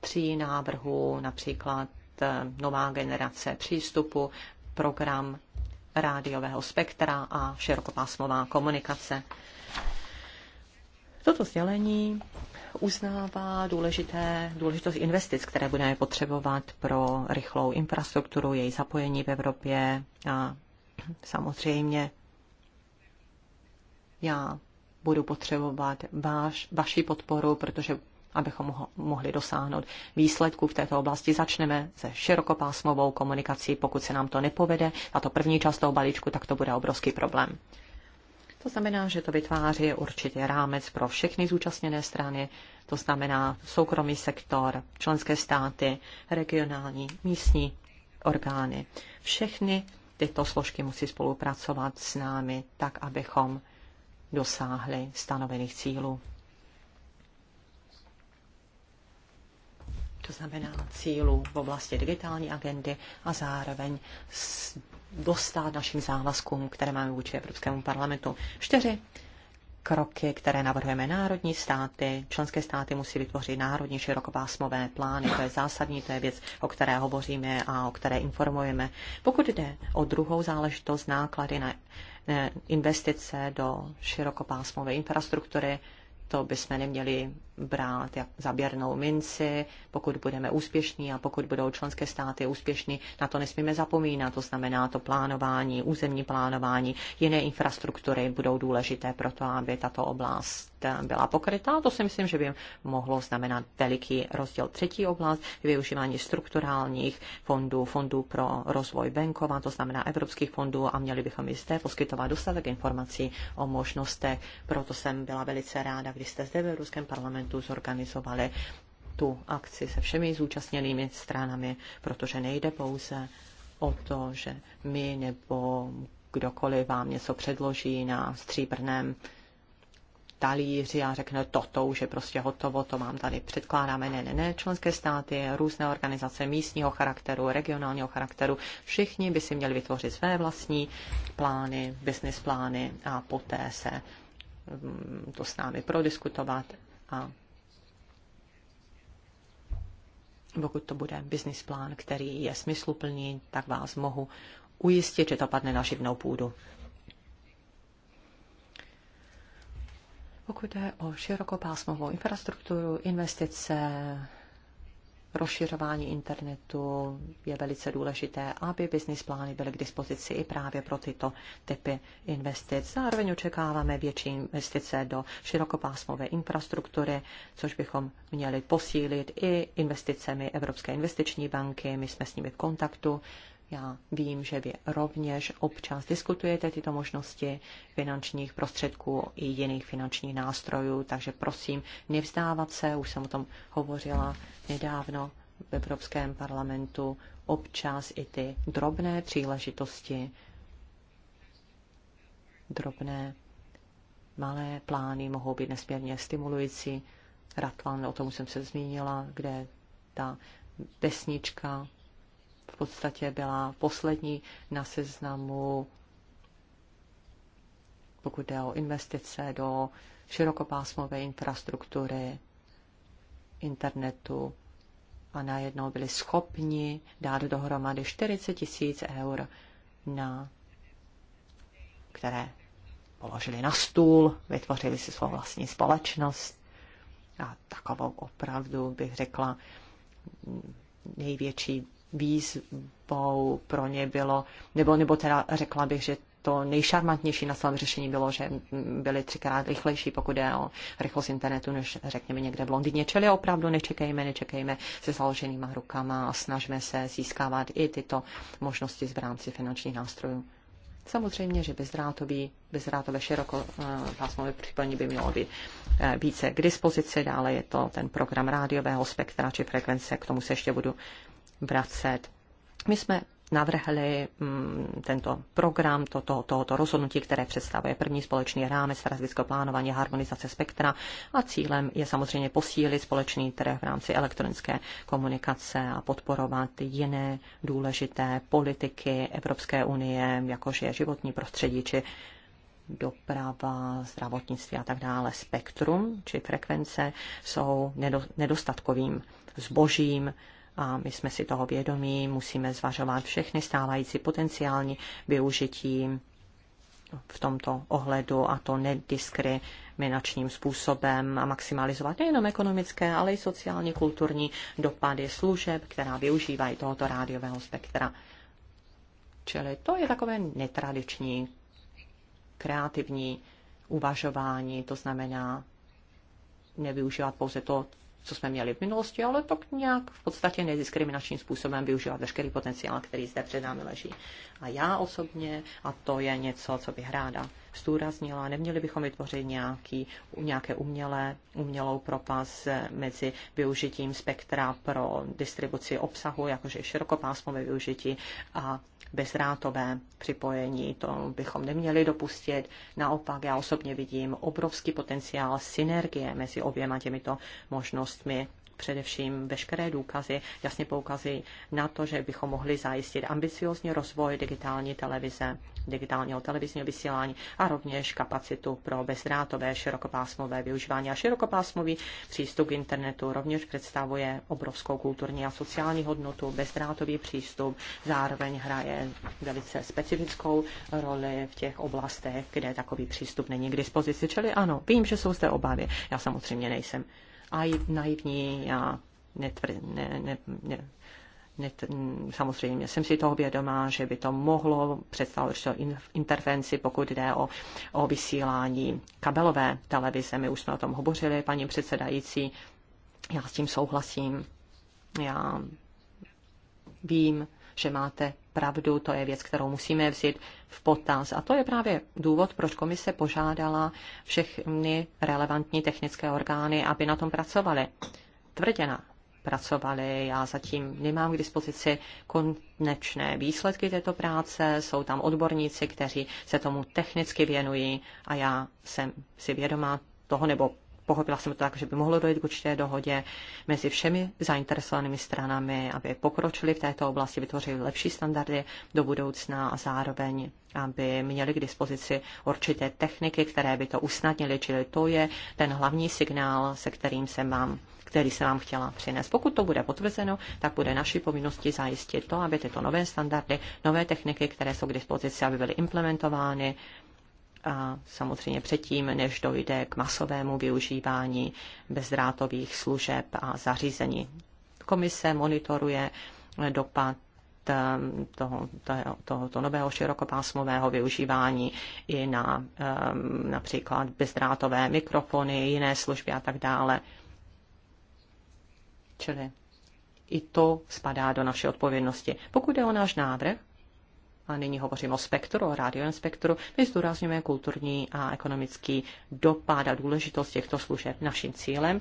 tří návrhů, například eh, nová generace přístupu, program rádiového spektra a širokopásmová komunikace. Toto sdělení uznává důležité, důležitost investic, které budeme potřebovat pro rychlou infrastrukturu, její zapojení v Evropě a samozřejmě já budu potřebovat váš, vaši podporu, protože abychom mohli dosáhnout výsledku v této oblasti. Začneme se širokopásmovou komunikací. Pokud se nám to nepovede, a to první část toho balíčku, tak to bude obrovský problém. To znamená, že to vytváří určitý rámec pro všechny zúčastněné strany, to znamená soukromý sektor, členské státy, regionální, místní orgány. Všechny tyto složky musí spolupracovat s námi tak, abychom dosáhli stanovených cílů. To znamená cílů v oblasti digitální agendy a zároveň dostat našim závazkům, které máme vůči Evropskému parlamentu. Čtyři kroky, které navrhujeme národní státy. Členské státy musí vytvořit národní širokopásmové plány. To je zásadní, to je věc, o které hovoříme a o které informujeme. Pokud jde o druhou záležitost, náklady na eh, investice do širokopásmové infrastruktury, to bychom neměli brát jak zaběrnou minci, pokud budeme úspěšní a pokud budou členské státy úspěšní, na to nesmíme zapomínat. To znamená to plánování, územní plánování, jiné infrastruktury budou důležité pro to, aby tato oblast eh, byla pokrytá. To si myslím, že by mohlo znamenat veliký rozdíl. Třetí oblast je využívání strukturálních fondů, fondů pro rozvoj venkova, to znamená evropských fondů a měli bychom jisté zde poskytovat dostatek informací o možnostech. Proto jsem byla velice ráda, když jste zde ve Ruském parlamentu parlamentu zorganizovali tu akci se všemi zúčastněnými stranami, protože nejde pouze o to, že my nebo kdokoliv vám něco předloží na stříbrném talíři a řekne toto už je prostě hotovo, to mám tady, předkládáme. Ne, ne, ne, členské státy, různé organizace místního charakteru, regionálního charakteru, všichni by si měli vytvořit své vlastní plány, business plány a poté se mm, to s námi prodiskutovat a pokud to bude business plán, který je smysluplný, tak vás mohu ujistit, že to padne na živnou půdu. Pokud jde o širokopásmovou infrastrukturu, investice, rozšiřování internetu je velice důležité, aby business plány byly k dispozici i právě pro tyto typy investic. Zároveň očekáváme větší investice do širokopásmové infrastruktury, což bychom měli posílit i investicemi Evropské investiční banky. My jsme s nimi v kontaktu já vím, že vy rovněž občas diskutujete tyto možnosti finančních prostředků i jiných finančních nástrojů, takže prosím nevzdávat se, už jsem o tom hovořila nedávno v Evropském parlamentu, občas i ty drobné příležitosti, drobné malé plány mohou být nesmírně stimulující. Ratlan, o tom jsem se zmínila, kde ta vesnička v podstatě byla poslední na seznamu, pokud jde o investice do širokopásmové infrastruktury, internetu a najednou byli schopni dát dohromady 40 tisíc eur, na, které položili na stůl, vytvořili si svou vlastní společnost a takovou opravdu bych řekla největší výzvou pro ně bylo, nebo, nebo teda řekla bych, že to nejšarmantnější na svém řešení bylo, že byly třikrát rychlejší, pokud je o rychlost internetu, než řekněme někde v Londýně. Čili opravdu nečekejme, nečekejme se založenýma rukama a snažme se získávat i tyto možnosti v rámci finančních nástrojů. Samozřejmě, že bezdrátový, bezdrátové široko eh, pásmové připojení by mělo být eh, více k dispozici. Dále je to ten program rádiového spektra či frekvence, k tomu se ještě budu vracet. My jsme navrhli mm, tento program, to, to, tohoto rozhodnutí, které představuje první společný rámec strategického plánování harmonizace spektra a cílem je samozřejmě posílit společný trh v rámci elektronické komunikace a podporovat jiné důležité politiky Evropské unie, jakož je životní prostředí či doprava, zdravotnictví a tak dále. Spektrum či frekvence jsou nedostatkovým zbožím a my jsme si toho vědomí, musíme zvažovat všechny stávající potenciální využití v tomto ohledu a to nediskriminačním způsobem a maximalizovat nejenom ekonomické, ale i sociálně kulturní dopady služeb, která využívají tohoto rádiového spektra. Čili to je takové netradiční, kreativní uvažování, to znamená nevyužívat pouze to, co jsme měli v minulosti, ale tak nějak v podstatě nediskriminačním způsobem využívat veškerý potenciál, který zde před námi leží. A já osobně, a to je něco, co bych ráda zdůraznila. Neměli bychom vytvořit nějaký, nějaké umělé, umělou propas mezi využitím spektra pro distribuci obsahu, jakože širokopásmové využití a bezdrátové připojení. To bychom neměli dopustit. Naopak já osobně vidím obrovský potenciál synergie mezi oběma těmito možnostmi Především veškeré důkazy jasně poukazují na to, že bychom mohli zajistit ambiciozní rozvoj digitální televize, digitálního televizního vysílání a rovněž kapacitu pro bezdrátové širokopásmové využívání. A širokopásmový přístup k internetu rovněž představuje obrovskou kulturní a sociální hodnotu. Bezdrátový přístup zároveň hraje velice specifickou roli v těch oblastech, kde takový přístup není k dispozici. Čili ano, vím, že jsou zde obavy. Já samozřejmě nejsem a naivní. a netvr, ne, ne, ne, net, samozřejmě jsem si toho vědomá, že by to mohlo představovat určitou intervenci, pokud jde o, o vysílání kabelové televize. My už jsme o tom hovořili, paní předsedající. Já s tím souhlasím. Já vím, že máte pravdu to je věc, kterou musíme vzít v potaz. A to je právě důvod, proč komise požádala všechny relevantní technické orgány, aby na tom pracovali. Tvrděna pracovali. Já zatím nemám k dispozici konečné výsledky této práce, jsou tam odborníci, kteří se tomu technicky věnují a já jsem si vědomá toho, nebo pochopila jsem to tak, že by mohlo dojít k určité dohodě mezi všemi zainteresovanými stranami, aby pokročili v této oblasti, vytvořili lepší standardy do budoucna a zároveň, aby měli k dispozici určité techniky, které by to usnadnily, čili to je ten hlavní signál, se kterým jsem vám který se vám chtěla přinést. Pokud to bude potvrzeno, tak bude naší povinností zajistit to, aby tyto nové standardy, nové techniky, které jsou k dispozici, aby byly implementovány a samozřejmě předtím, než dojde k masovému využívání bezdrátových služeb a zařízení. Komise monitoruje dopad ehm, toho, toho, tohoto nového širokopásmového využívání i na um, například bezdrátové mikrofony, jiné služby a tak dále. Čili i to spadá do naší odpovědnosti. Pokud je o náš návrh, a nyní hovořím o spektru, o rádiovém spektru, my zdůrazňujeme kulturní a ekonomický dopad a důležitost těchto služeb naším cílem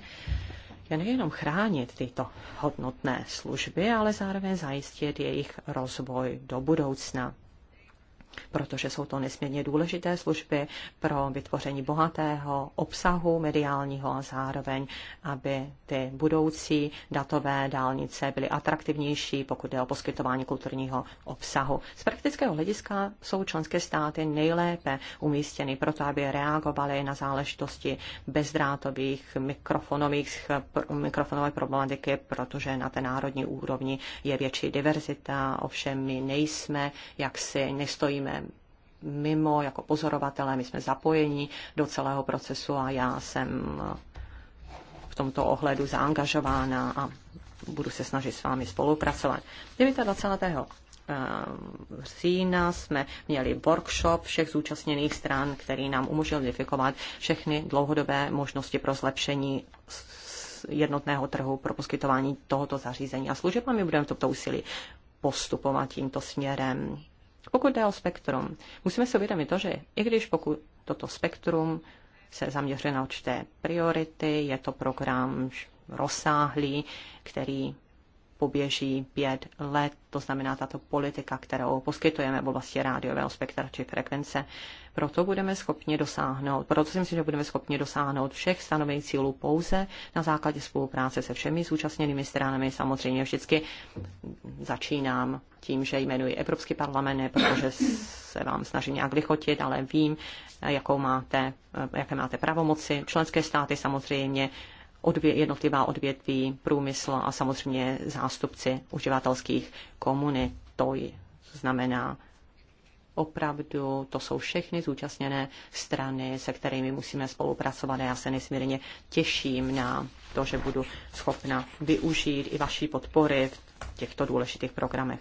je nejenom chránit tyto hodnotné služby, ale zároveň zajistit jejich rozvoj do budoucna protože jsou to nesmírně důležité služby pro vytvoření bohatého obsahu mediálního a zároveň, aby ty budoucí datové dálnice byly atraktivnější, pokud jde o poskytování kulturního obsahu. Z praktického hlediska jsou členské státy nejlépe umístěny proto, aby reagovaly na záležitosti bezdrátových mikrofonových, mikrofonové problematiky, protože na té národní úrovni je větší diverzita, ovšem my nejsme, jak si nestojíme stojíme mimo jako pozorovatelé, my jsme zapojeni do celého procesu a já jsem v tomto ohledu zaangažována a budu se snažit s vámi spolupracovat. 29 eh, října jsme měli workshop všech zúčastněných stran, který nám umožnil identifikovat všechny dlouhodobé možnosti pro zlepšení jednotného trhu pro poskytování tohoto zařízení a služeb a my budeme toto úsilí postupovat tímto směrem. Pokud jde o spektrum, musíme si uvědomit to, že i když pokud toto spektrum se zaměřuje na určité priority, je to program rozsáhlý, který poběží pět let, to znamená tato politika, kterou poskytujeme v oblasti rádiového spektra či frekvence. Proto budeme schopni dosáhnout, proto si myslím, že budeme schopni dosáhnout všech stanovených cílů pouze na základě spolupráce se všemi zúčastněnými stranami. Samozřejmě vždycky začínám tím, že jmenuji Evropský parlament, ne protože se vám snažím nějak vychotit, ale vím, jakou máte, jaké máte pravomoci. Členské státy samozřejmě odvě, jednotlivá odvětví, průmysl a samozřejmě zástupci uživatelských komunit. To znamená opravdu, to jsou všechny zúčastněné strany, se kterými musíme spolupracovat a já se nesmírně těším na to, že budu schopna využít i vaší podpory v těchto důležitých programech.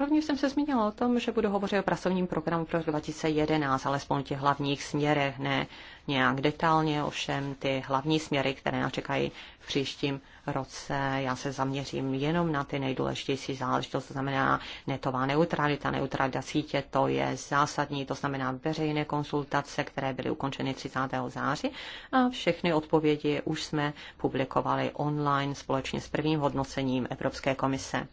Rovněž jsem se zmínila o tom, že budu hovořit o pracovním programu pro 2011, alespoň těch hlavních směrech, ne nějak detailně, ovšem ty hlavní směry, které nás čekají v příštím roce. Já se zaměřím jenom na ty nejdůležitější záležitosti, to znamená netová neutralita, neutralita sítě, to je zásadní, to znamená veřejné konsultace, které byly ukončeny 30. září a všechny odpovědi už jsme publikovali online společně s prvním hodnocením Evropské komise.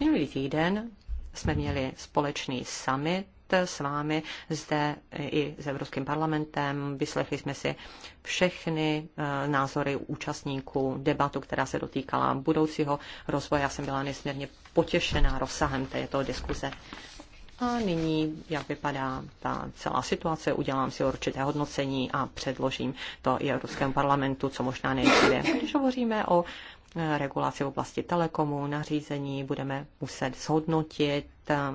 Minulý týden jsme měli společný summit s vámi zde i s Evropským parlamentem. Vyslechli jsme si všechny eh, názory účastníků, debatu, která se dotýkala budoucího rozvoje. Já jsem byla nesmírně potěšená rozsahem této diskuze. A nyní, jak vypadá ta celá situace, udělám si určité hodnocení a předložím to i Evropskému parlamentu, co možná nejdříve. Když hovoříme o eh, regulaci v oblasti telekomu, nařízení, budeme muset shodnotit,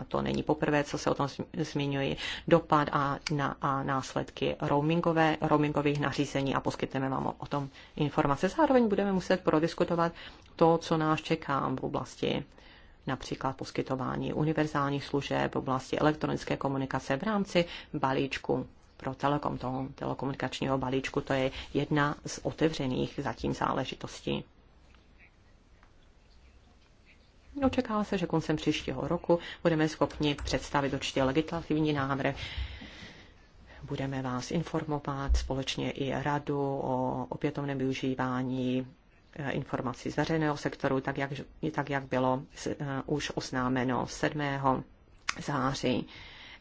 to není poprvé, co se o tom zmiňuji, dopad a, na, a následky roamingové, roamingových nařízení a poskytneme vám o, o tom informace. Zároveň budeme muset prodiskutovat to, co nás čeká v oblasti například poskytování univerzálních služeb v oblasti elektronické komunikace v rámci balíčku pro telekom, toho telekomunikačního balíčku, to je jedna z otevřených zatím záležitostí. Očekává se, že koncem příštího roku budeme schopni představit určitě legislativní návrh. Budeme vás informovat společně i radu o opětovném využívání informací z veřejného sektoru, tak jak, tak jak bylo eh, už oznámeno 7. září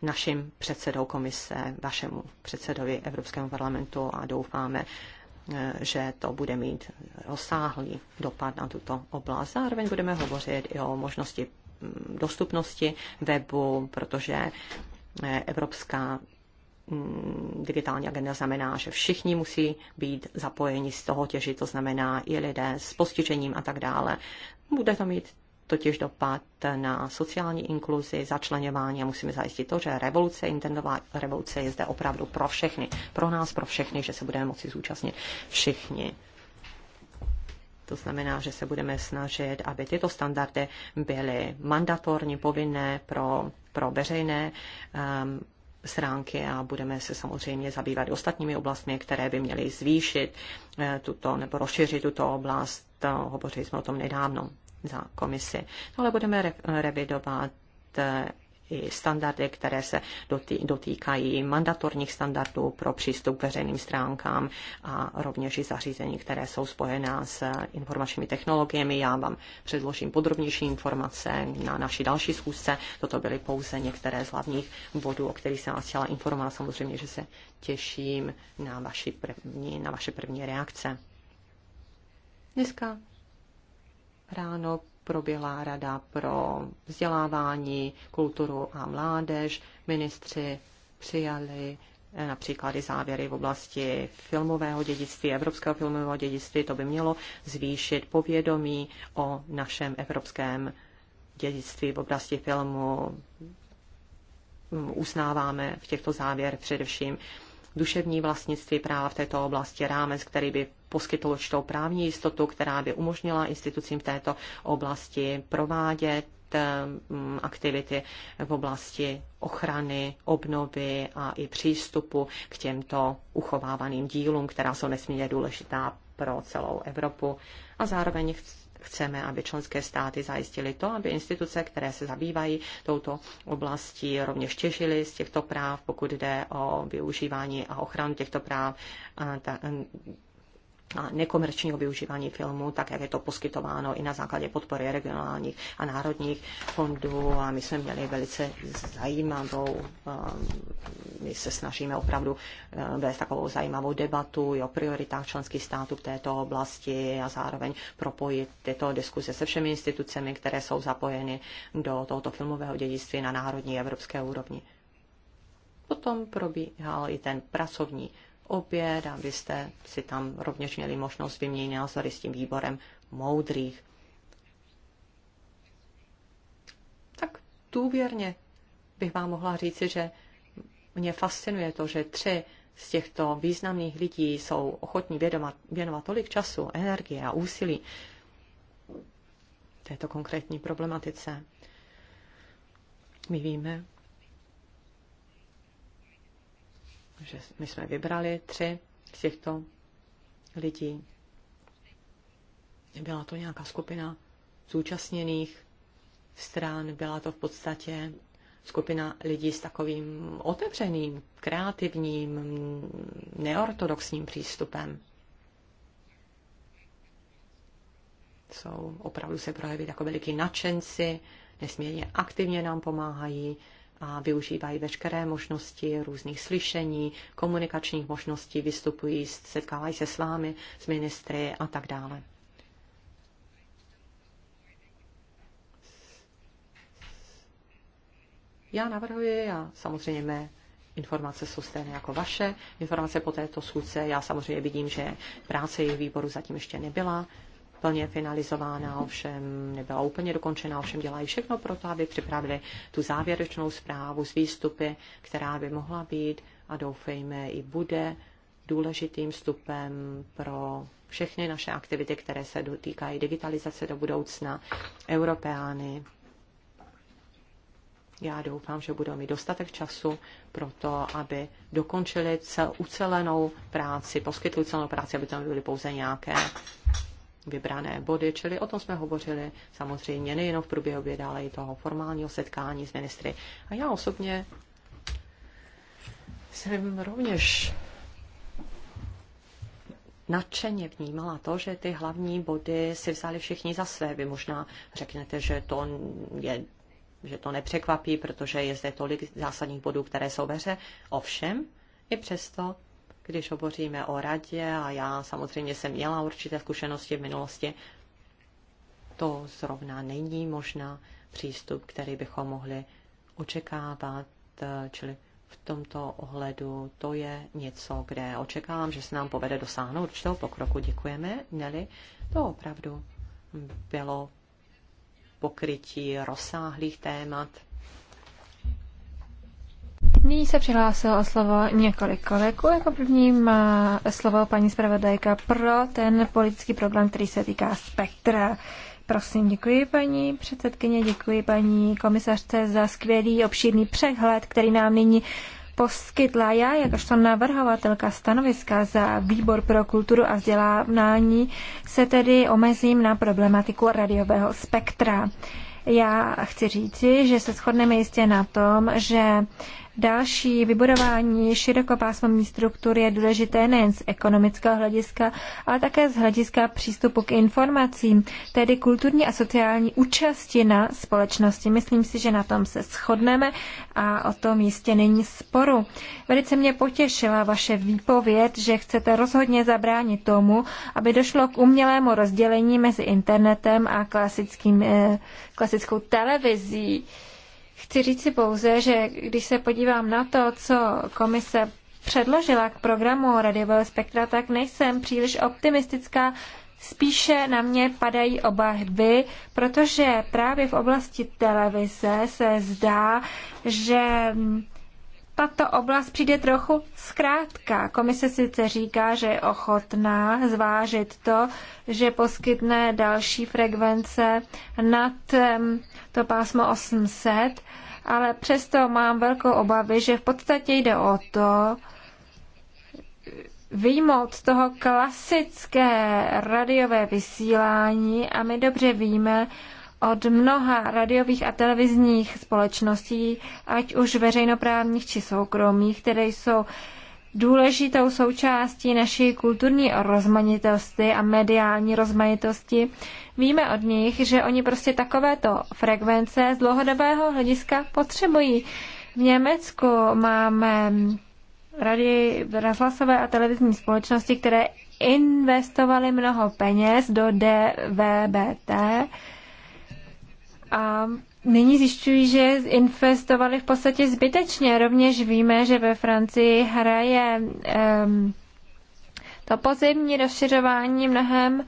našim předsedou komise, vašemu předsedovi Evropskému parlamentu a doufáme, eh, že to bude mít rozsáhlý dopad na tuto oblast. Zároveň budeme hovořit i o možnosti mm, dostupnosti webu, protože eh, Evropská Mm, digitální agenda znamená, že všichni musí být zapojeni z toho těžit, to znamená i lidé s postižením a tak dále. Bude to mít totiž dopad na sociální inkluzi, začlenování a musíme zajistit to, že revoluce, internetová revoluce je zde opravdu pro všechny, pro nás, pro všechny, že se budeme moci zúčastnit všichni. To znamená, že se budeme snažit, aby tyto standardy byly mandatorní, povinné pro, pro veřejné um, stránky a budeme se samozřejmě zabývat ostatními oblastmi, které by měly zvýšit eh, tuto nebo rozšířit tuto oblast. Hovořili jsme o tom nedávno za komisi. No, ale budeme revidovat eh, i standardy, které se dotýkají mandatorních standardů pro přístup k veřejným stránkám a rovněž i zařízení, které jsou spojená s informačními technologiemi. Já vám předložím podrobnější informace na naší další schůzce. Toto byly pouze některé z hlavních bodů, o kterých jsem vás chtěla informovat. Samozřejmě, že se těším na, vaši první, na vaše první reakce. Dneska ráno proběhla Rada pro vzdělávání, kulturu a mládež. Ministři přijali eh, například i závěry v oblasti filmového dědictví, evropského filmového dědictví. To by mělo zvýšit povědomí o našem evropském dědictví v oblasti filmu. Mm, Usnáváme v těchto závěrech především duševní vlastnictví práva v této oblasti, rámec, který by poskytl určitou právní jistotu, která by umožnila institucím v této oblasti provádět mm, aktivity v oblasti ochrany, obnovy a i přístupu k těmto uchovávaným dílům, která jsou nesmírně důležitá pro celou Evropu. A zároveň chceme, aby členské státy zajistily to, aby instituce, které se zabývají touto oblastí, rovněž těžily z těchto práv, pokud jde o využívání a ochranu těchto práv. Ta, a nekomerčního využívání filmu, tak jak je to poskytováno i na základě podpory regionálních a národních fondů. A my jsme měli velice zajímavou, my se snažíme opravdu e, vést takovou zajímavou debatu i o prioritách členských států v této oblasti a zároveň propojit tyto diskuze se všemi institucemi, které jsou zapojeny do tohoto filmového dědictví na národní a evropské úrovni. Potom probíhal i ten pracovní oběd a vy jste si tam rovněž měli možnost vyměnit názory s tím výborem moudrých. Tak důvěrně bych vám mohla říci, že mě fascinuje to, že tři z těchto významných lidí jsou ochotní vědomat, věnovat tolik času, energie a úsilí této konkrétní problematice. My víme, že my jsme vybrali tři z těchto lidí. Byla to nějaká skupina zúčastněných stran, byla to v podstatě skupina lidí s takovým otevřeným, kreativním, neortodoxním přístupem. Jsou, opravdu se projeví jako veliký nadšenci, nesmírně aktivně nám pomáhají, a využívají veškeré možnosti různých slyšení, komunikačních možností, vystupují, setkávají se s vámi, s ministry a tak dále. Já navrhuji a samozřejmě mé informace jsou stejné jako vaše. Informace po této schůzce, já samozřejmě vidím, že práce jejich výboru zatím ještě nebyla plně finalizována, ovšem nebyla úplně dokončena, ovšem dělají všechno pro to, aby připravili tu závěrečnou zprávu z výstupy, která by mohla být a doufejme i bude důležitým vstupem pro všechny naše aktivity, které se dotýkají digitalizace do budoucna, Europeány. Já doufám, že budou mít dostatek času pro to, aby dokončili cel, ucelenou práci, poskytli ucelenou práci, aby tam byly pouze nějaké vybrané body, čili o tom jsme hovořili samozřejmě nejenom v průběhu oběda, ale i toho formálního setkání s ministry. A já osobně jsem rovněž nadšeně vnímala to, že ty hlavní body si vzali všichni za své. Vy možná řeknete, že to je že to nepřekvapí, protože je zde tolik zásadních bodů, které jsou ve hře. Ovšem, i přesto když hovoříme o radě, a já samozřejmě jsem měla určité zkušenosti v minulosti, to zrovna není možná přístup, který bychom mohli očekávat, čili v tomto ohledu to je něco, kde očekávám, že se nám povede dosáhnout určitého pokroku. Děkujeme, Neli. To opravdu bylo pokrytí rozsáhlých témat. Nyní se přihlásil o slovo několik kolegů. Jako první má slovo paní zpravodajka pro ten politický program, který se týká spektra. Prosím, děkuji paní předsedkyně, děkuji paní komisařce za skvělý obšírný přehled, který nám nyní poskytla já, jakožto navrhovatelka stanoviska za výbor pro kulturu a vzdělávání, se tedy omezím na problematiku radiového spektra. Já chci říci, že se shodneme jistě na tom, že Další vybudování širokopásmovní struktur je důležité nejen z ekonomického hlediska, ale také z hlediska přístupu k informacím, tedy kulturní a sociální účasti na společnosti. Myslím si, že na tom se shodneme a o tom jistě není sporu. Velice mě potěšila vaše výpověď, že chcete rozhodně zabránit tomu, aby došlo k umělému rozdělení mezi internetem a klasickým, eh, klasickou televizí. Chci říct si pouze, že když se podívám na to, co komise předložila k programu radiového spektra, tak nejsem příliš optimistická. Spíše na mě padají obavy, protože právě v oblasti televize se zdá, že tato oblast přijde trochu zkrátka. Komise sice říká, že je ochotná zvážit to, že poskytne další frekvence nad to pásmo 800, ale přesto mám velkou obavy, že v podstatě jde o to, vyjmout z toho klasické radiové vysílání a my dobře víme, od mnoha radiových a televizních společností, ať už veřejnoprávních či soukromých, které jsou důležitou součástí naší kulturní rozmanitosti a mediální rozmanitosti. Víme od nich, že oni prostě takovéto frekvence z dlouhodobého hlediska potřebují. V Německu máme rady rozhlasové a televizní společnosti, které investovaly mnoho peněz do DVBT, a nyní zjišťují, že investovali v podstatě zbytečně. Rovněž víme, že ve Francii hraje um, to pozemní rozšiřování mnohem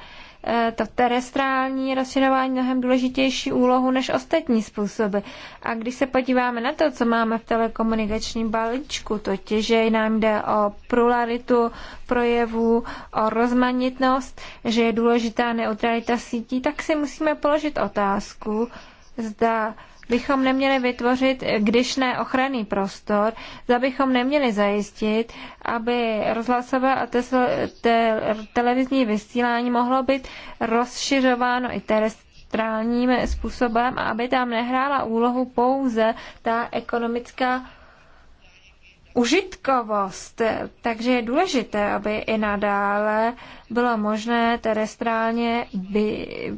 Eh, to terestrální rozširování mnohem důležitější úlohu než ostatní způsoby. A když se podíváme na to, co máme v telekomunikačním balíčku, totiž, že nám jde o pluralitu projevů, o rozmanitnost, že je důležitá neutralita sítí, tak si musíme položit otázku, zda bychom neměli vytvořit, když ne ochranný prostor, za bychom neměli zajistit, aby rozhlasové a te- te- televizní vysílání mohlo být rozšiřováno i terestrálním způsobem, aby tam nehrála úlohu pouze ta ekonomická užitkovost, takže je důležité, aby i nadále bylo možné terestrálně by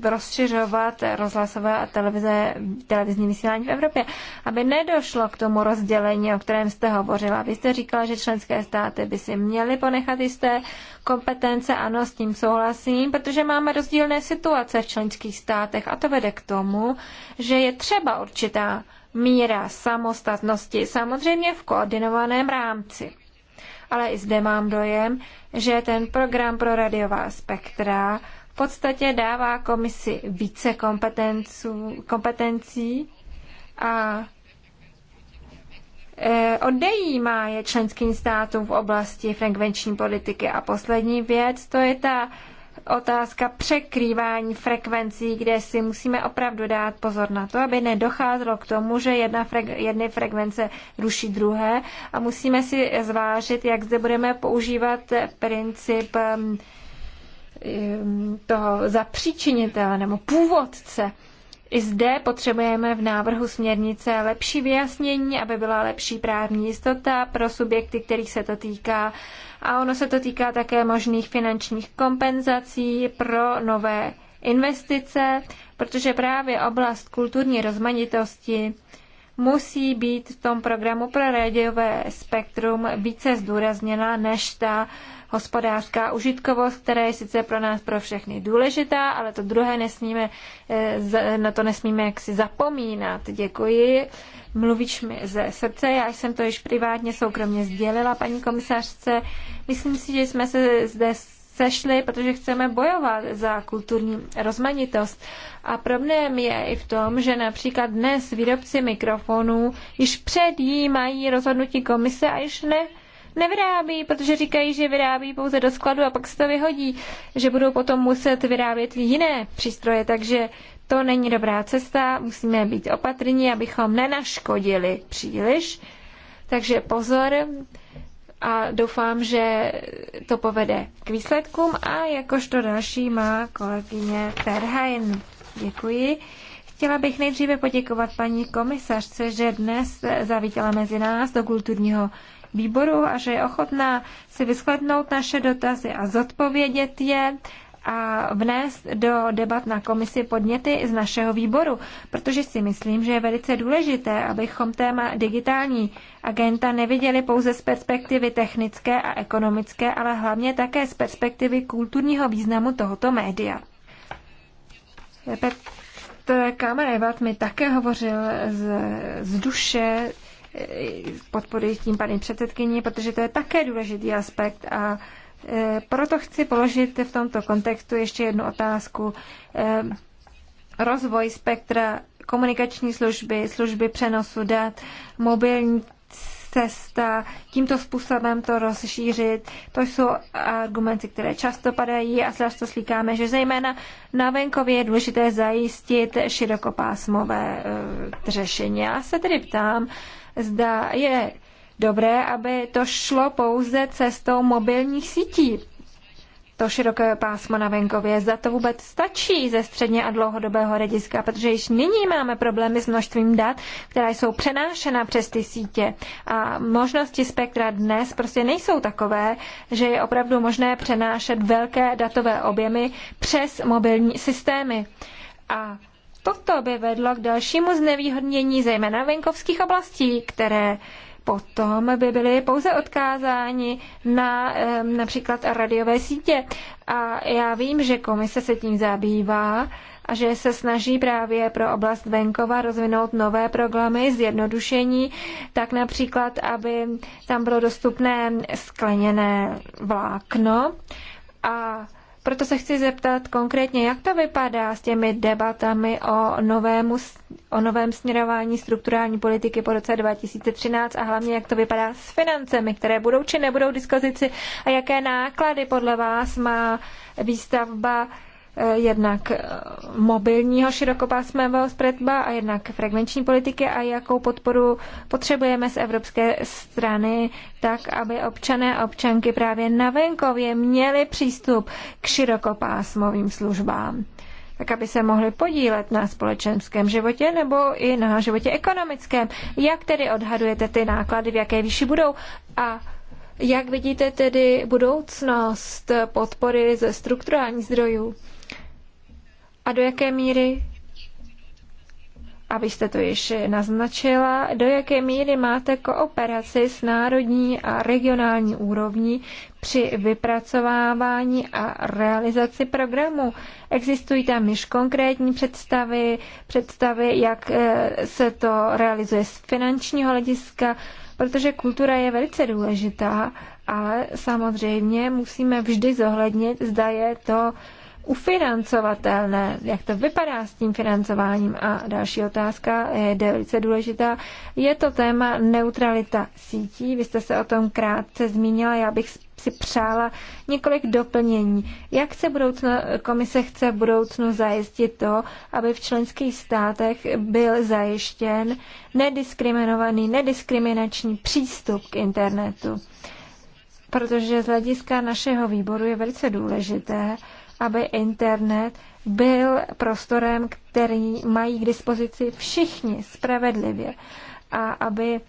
rozšiřovat rozhlasové a televize, televizní vysílání v Evropě, aby nedošlo k tomu rozdělení, o kterém jste hovořila. Vy jste říkala, že členské státy by si měly ponechat jisté kompetence, ano, s tím souhlasím, protože máme rozdílné situace v členských státech a to vede k tomu, že je třeba určitá míra samostatnosti, samozřejmě v koordinovaném rámci. Ale i zde mám dojem, že ten program pro radiová spektra v podstatě dává komisi více kompetencí a e, odejímá je členským státům v oblasti frekvenční politiky. A poslední věc, to je ta otázka překrývání frekvencí, kde si musíme opravdu dát pozor na to, aby nedocházelo k tomu, že jedna frek- jedny frekvence ruší druhé a musíme si zvážit, jak zde budeme používat princip toho zapříčinitele nebo původce i zde potřebujeme v návrhu směrnice lepší vyjasnění, aby byla lepší právní jistota pro subjekty, kterých se to týká. A ono se to týká také možných finančních kompenzací pro nové investice, protože právě oblast kulturní rozmanitosti musí být v tom programu pro rádiové spektrum více zdůrazněna než ta hospodářská užitkovost, která je sice pro nás pro všechny důležitá, ale to druhé nesmíme, eh, na to nesmíme jaksi zapomínat. Děkuji. Mluvíš mi ze srdce, já jsem to již privátně soukromně sdělila paní komisařce. Myslím si, že jsme se zde sešli, protože chceme bojovat za kulturní rozmanitost. A problém je i v tom, že například dnes výrobci mikrofonů již mají rozhodnutí komise a již ne, nevyrábí, protože říkají, že vyrábí pouze do skladu a pak se to vyhodí, že budou potom muset vyrábět jiné přístroje, takže to není dobrá cesta, musíme být opatrní, abychom nenaškodili příliš. Takže pozor, a doufám, že to povede k výsledkům a jakožto další má kolegyně Terhajn. Děkuji. Chtěla bych nejdříve poděkovat paní komisařce, že dnes zavítala mezi nás do kulturního výboru a že je ochotná si vysklednout naše dotazy a zodpovědět je a vnést do debat na komisi podněty z našeho výboru, protože si myslím, že je velice důležité, abychom téma digitální agenta neviděli pouze z perspektivy technické a ekonomické, ale hlavně také z perspektivy kulturního významu tohoto média. Petr Kamerevald mi také hovořil z, z duše, eh, podporuji tím paní předsedkyni, protože to je také důležitý aspekt a Eh, proto chci položit v tomto kontextu ještě jednu otázku. Rozvoj spektra komunikační služby, služby přenosu dat, mobilní cesta, tímto způsobem to rozšířit. To jsou argumenty, které často padají a často slíkáme, že zejména na venkově je důležité zajistit širokopásmové eh, řešení. Já se tedy ptám, zda je dobré, aby to šlo pouze cestou mobilních sítí. To široké pásmo na venkově, za to vůbec stačí ze středně a dlouhodobého hlediska, protože již nyní máme problémy s množstvím dat, která jsou přenášena přes ty sítě. A možnosti spektra dnes prostě nejsou takové, že je opravdu možné přenášet velké datové objemy přes mobilní systémy. A toto by vedlo k dalšímu znevýhodnění zejména venkovských oblastí, které potom by byli pouze odkázáni na například radiové sítě. A já vím, že komise se tím zabývá a že se snaží právě pro oblast venkova rozvinout nové programy zjednodušení, tak například, aby tam bylo dostupné skleněné vlákno a proto se chci zeptat konkrétně, jak to vypadá s těmi debatami o, novému, o novém směrování strukturální politiky po roce 2013 a hlavně jak to vypadá s financemi, které budou či nebudou diskozici a jaké náklady podle vás má výstavba Eh, jednak eh, mobilního širokopásmového spredba a jednak frekvenční politiky a jakou podporu potřebujeme z evropské strany, tak aby občané a občanky právě na venkově měli přístup k širokopásmovým službám tak aby se mohli podílet na společenském životě nebo i na životě ekonomickém. Jak tedy odhadujete ty náklady, v jaké výši budou a jak vidíte tedy budoucnost podpory ze strukturálních zdrojů? a do jaké míry, abyste to již naznačila, do jaké míry máte kooperaci s národní a regionální úrovní při vypracovávání a realizaci programu. Existují tam již konkrétní představy, představy, jak eh, se to realizuje z finančního hlediska, protože kultura je velice důležitá, ale samozřejmě musíme vždy zohlednit, zda je to ufinancovatelné. Jak to vypadá s tím financováním? A další otázka je velice důležitá. Je to téma neutralita sítí. Vy jste se o tom krátce zmínila. Já bych si přála několik doplnění. Jak se budoucno, komise chce v budoucnu zajistit to, aby v členských státech byl zajištěn nediskriminovaný, nediskriminační přístup k internetu? Protože z hlediska našeho výboru je velice důležité, aby internet byl prostorem, který mají k dispozici všichni spravedlivě a aby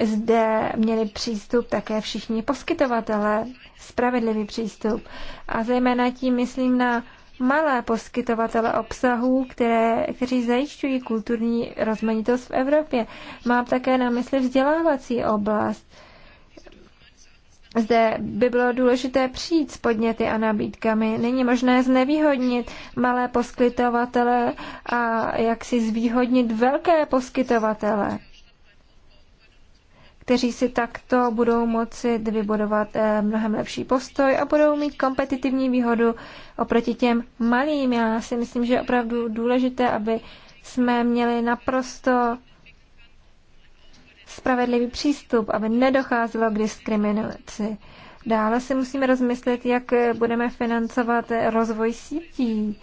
zde měli přístup také všichni poskytovatelé, spravedlivý přístup. A zejména tím myslím na malé poskytovatele obsahů, které, kteří zajišťují kulturní rozmanitost v Evropě. Mám také na mysli vzdělávací oblast zde by bylo důležité přijít s podněty a nabídkami. Není možné znevýhodnit malé poskytovatele a jak si zvýhodnit velké poskytovatele, kteří si takto budou moci vybudovat eh, mnohem lepší postoj a budou mít kompetitivní výhodu oproti těm malým. Já si myslím, že je opravdu důležité, aby jsme měli naprosto spravedlivý přístup, aby nedocházelo k diskriminaci. Dále si musíme rozmyslet, jak budeme financovat rozvoj sítí.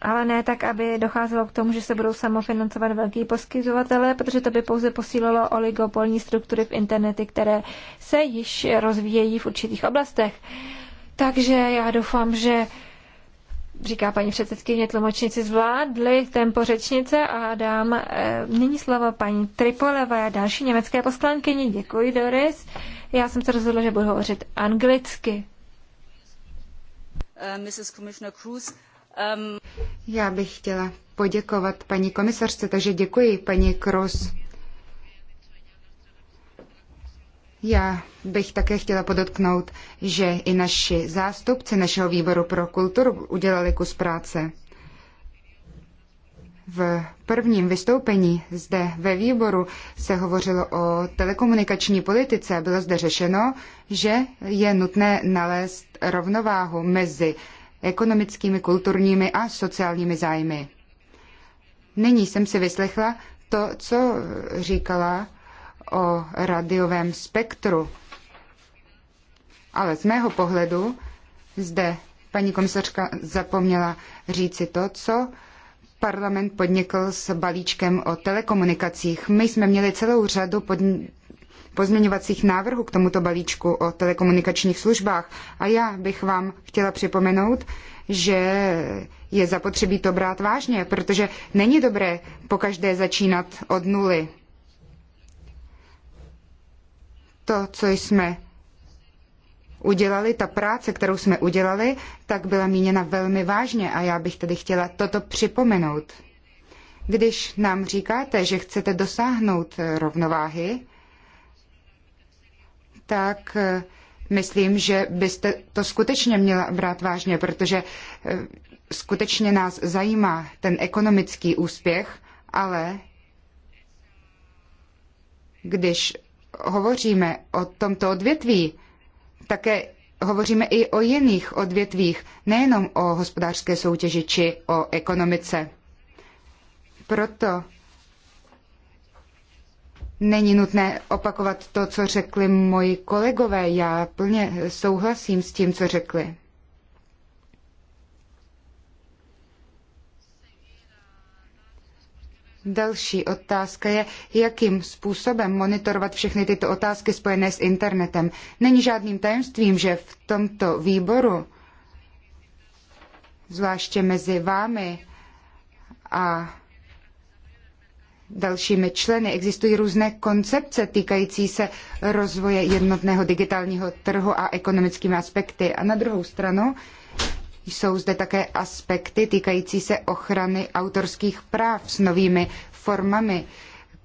Ale ne tak, aby docházelo k tomu, že se budou samofinancovat velký poskytovatelé, protože to by pouze posílilo oligopolní struktury v internety, které se již rozvíjejí v určitých oblastech. Takže já doufám, že říká paní předsedkyně, tlumočnici, zvládli tempo řečnice a dám e, nyní slovo paní Tripoleva, další německé poslankyni. Děkuji, Doris. Já jsem se rozhodla, že budu hovořit anglicky. Uh, Mrs. Commissioner Cruz, um, Já bych chtěla poděkovat paní komisařce, takže děkuji paní Cruz Já bych také chtěla podotknout, že i naši zástupci našeho výboru pro kulturu udělali kus práce. V prvním vystoupení zde ve výboru se hovořilo o telekomunikační politice a bylo zde řešeno, že je nutné nalézt rovnováhu mezi ekonomickými, kulturními a sociálními zájmy. Nyní jsem si vyslechla to, co říkala o radiovém spektru. Ale z mého pohledu zde paní komisařka zapomněla říci to, co parlament podnikl s balíčkem o telekomunikacích. My jsme měli celou řadu pod... pozměňovacích návrhů k tomuto balíčku o telekomunikačních službách a já bych vám chtěla připomenout, že je zapotřebí to brát vážně, protože není dobré pokaždé začínat od nuly. to, co jsme udělali, ta práce, kterou jsme udělali, tak byla míněna velmi vážně a já bych tedy chtěla toto připomenout. Když nám říkáte, že chcete dosáhnout eh, rovnováhy, tak eh, myslím, že byste to skutečně měla brát vážně, protože eh, skutečně nás zajímá ten ekonomický úspěch, ale když hovoříme o tomto odvětví, také hovoříme i o jiných odvětvích, nejenom o hospodářské soutěži či o ekonomice. Proto není nutné opakovat to, co řekli moji kolegové. Já plně souhlasím s tím, co řekli. Další otázka je, jakým způsobem monitorovat všechny tyto otázky spojené s internetem. Není žádným tajemstvím, že v tomto výboru, zvláště mezi vámi a dalšími členy, existují různé koncepce týkající se rozvoje jednotného digitálního trhu a ekonomickými aspekty. A na druhou stranu jsou zde také aspekty týkající se ochrany autorských práv s novými formami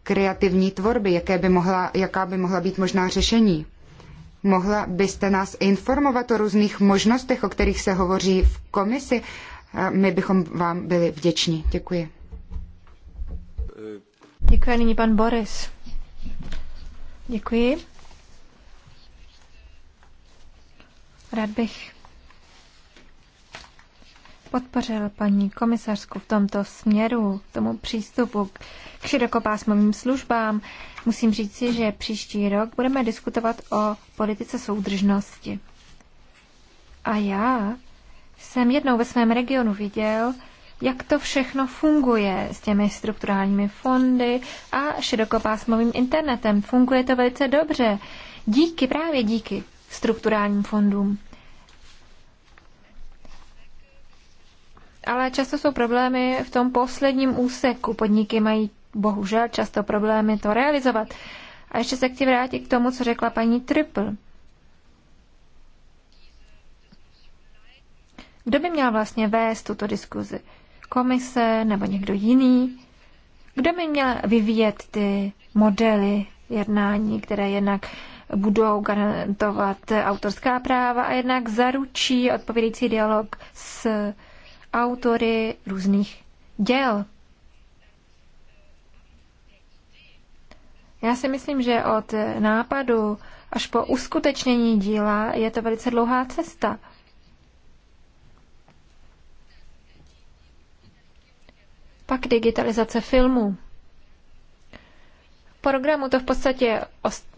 kreativní tvorby, jaké by mohla, jaká by mohla být možná řešení. Mohla byste nás informovat o různých možnostech, o kterých se hovoří v komisi? My bychom vám byli vděční. Děkuji. Děkuji, nyní pan Boris. Děkuji. Rád bych podpořil paní komisařku v tomto směru, tomu přístupu k širokopásmovým službám. Musím říci, že příští rok budeme diskutovat o politice soudržnosti. A já jsem jednou ve svém regionu viděl, jak to všechno funguje s těmi strukturálními fondy a širokopásmovým internetem. Funguje to velice dobře. Díky, právě díky strukturálním fondům. ale často jsou problémy v tom posledním úseku. Podniky mají bohužel často problémy to realizovat. A ještě se chci vrátit k tomu, co řekla paní Triple. Kdo by měl vlastně vést tuto diskuzi? Komise nebo někdo jiný? Kdo by měl vyvíjet ty modely jednání, které jednak budou garantovat autorská práva a jednak zaručí odpovědící dialog s autory různých děl. Já si myslím, že od nápadu až po uskutečnění díla je to velice dlouhá cesta. Pak digitalizace filmů. V programu to v podstatě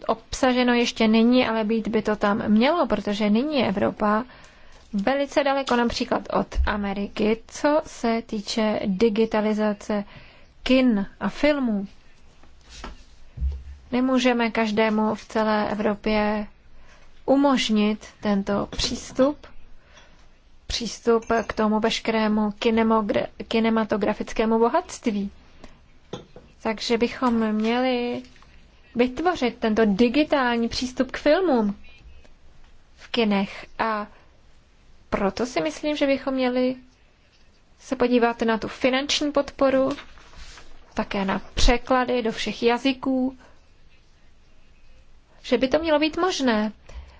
obsaženo ještě není, ale být by to tam mělo, protože nyní Evropa velice daleko, například od Ameriky, co se týče digitalizace kin a filmů. Nemůžeme každému v celé Evropě umožnit tento přístup, přístup k tomu veškerému kinematografickému bohatství. Takže bychom měli vytvořit tento digitální přístup k filmům v kinech a proto si myslím, že bychom měli se podívat na tu finanční podporu, také na překlady do všech jazyků, že by to mělo být možné.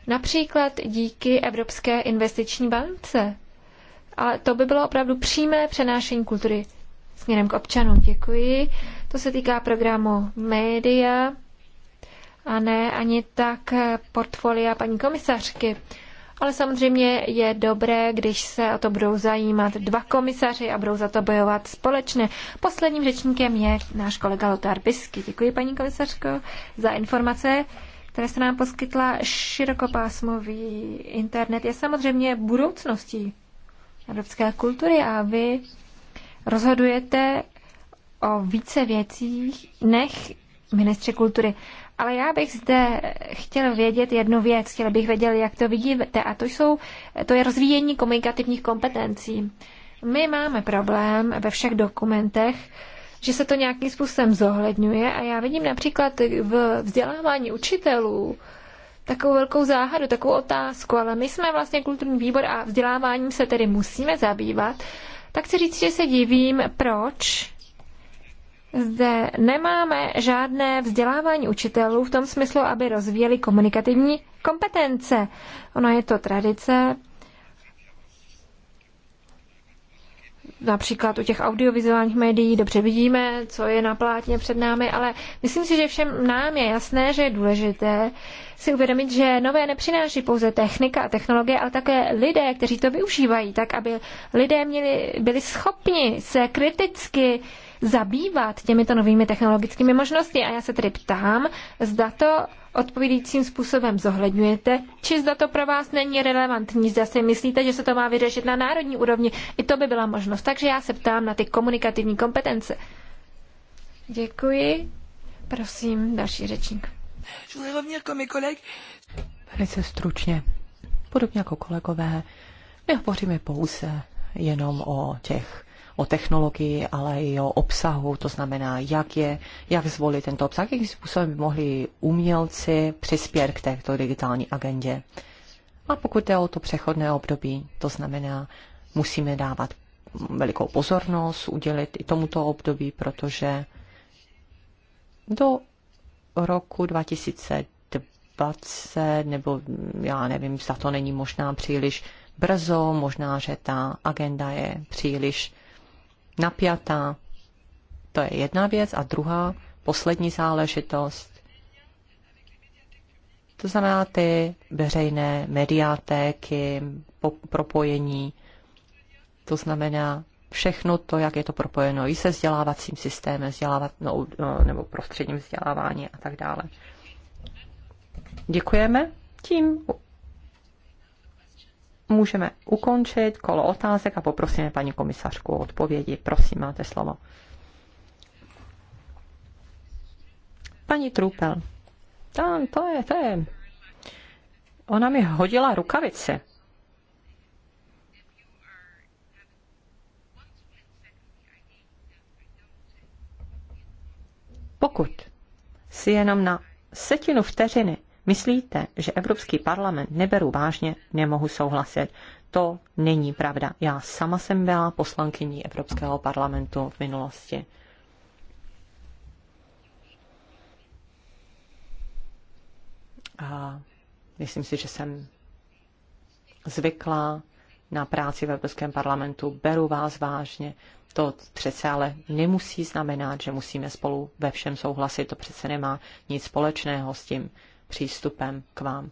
Například díky Evropské investiční bance. Ale to by bylo opravdu přímé přenášení kultury směrem k občanům. Děkuji. To se týká programu média a ne ani tak portfolia paní komisařky ale samozřejmě je dobré, když se o to budou zajímat dva komisaři a budou za to bojovat společně. Posledním řečníkem je náš kolega Lothar Bisky. Děkuji, paní komisařko, za informace které se nám poskytla širokopásmový internet, je samozřejmě budoucností evropské kultury a vy rozhodujete o více věcích než ministře kultury. Ale já bych zde chtěl vědět jednu věc, chtěl bych vědět, jak to vidíte, a to, jsou, to je rozvíjení komunikativních kompetencí. My máme problém ve všech dokumentech, že se to nějakým způsobem zohledňuje a já vidím například v vzdělávání učitelů takovou velkou záhadu, takovou otázku, ale my jsme vlastně kulturní výbor a vzděláváním se tedy musíme zabývat, tak chci říct, že se divím, proč zde nemáme žádné vzdělávání učitelů v tom smyslu, aby rozvíjeli komunikativní kompetence. Ona je to tradice, například u těch audiovizuálních médií dobře vidíme, co je na plátně před námi, ale myslím si, že všem nám je jasné, že je důležité si uvědomit, že nové nepřináší pouze technika a technologie, ale také lidé, kteří to využívají, tak aby lidé měli, byli schopni se kriticky uh, zabývat těmito novými technologickými možnostmi. A já se tedy ptám, zda to odpovídajícím způsobem zohledňujete, či zda to pro vás není relevantní, zda si myslíte, že se to má vyřešit na národní úrovni. I to by byla možnost. Takže já se ptám na ty komunikativní kompetence. Děkuji. Prosím, další řečník. Velice stručně. Podobně jako kolegové, my hovoříme pouze jenom o těch o technologii, ale i o obsahu, to znamená, jak, je, jak zvolit tento obsah, jakým způsobem by mohli umělci přispět k této digitální agendě. A pokud jde o to přechodné období, to znamená, musíme dávat velikou pozornost, udělit i tomuto období, protože do roku 2020, nebo já nevím, za to není možná příliš brzo, možná, že ta agenda je příliš napjatá. To je jedna věc. A druhá, poslední záležitost, to znamená ty veřejné mediátéky, po, propojení, to znamená všechno to, jak je to propojeno i se vzdělávacím systémem, vzdělávat, no, no, nebo prostředním vzdělávání a tak dále. Děkujeme. Tím můžeme ukončit kolo otázek a poprosíme paní komisařku o odpovědi. Prosím, máte slovo. Paní Trupel, tam, to je, to je. Ona mi hodila rukavici. Pokud si jenom na setinu vteřiny myslíte, že Evropský parlament neberu vážně, nemohu souhlasit. To není pravda. Já sama jsem byla poslankyní Evropského parlamentu v minulosti. A myslím si, že jsem zvyklá na práci v Evropském parlamentu, beru vás vážně. To přece ale nemusí znamenat, že musíme spolu ve všem souhlasit. To přece nemá nic společného s tím, přístupem k vám.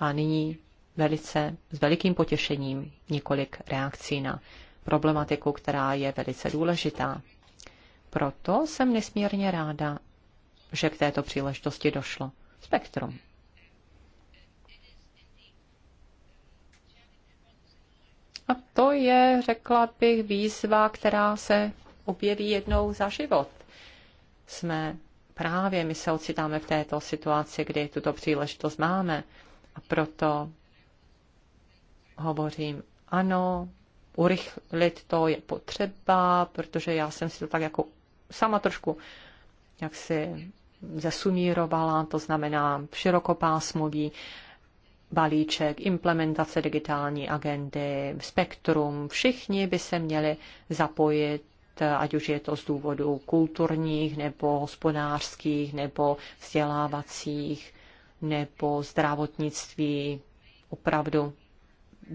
A nyní velice s velikým potěšením několik reakcí na problematiku, která je velice důležitá. Proto jsem nesmírně ráda, že k této příležitosti došlo. Spektrum. A to je, řekla bych, výzva, která se objeví jednou za život. Jsme právě my se ocitáme v této situaci, kdy tuto příležitost máme. A proto hovořím, ano, urychlit to je potřeba, protože já jsem si to tak jako sama trošku jak si zesumírovala to znamená širokopásmový balíček, implementace digitální agendy, spektrum, všichni by se měli zapojit ať už je to z důvodu kulturních, nebo hospodářských, nebo vzdělávacích, nebo zdravotnictví. Opravdu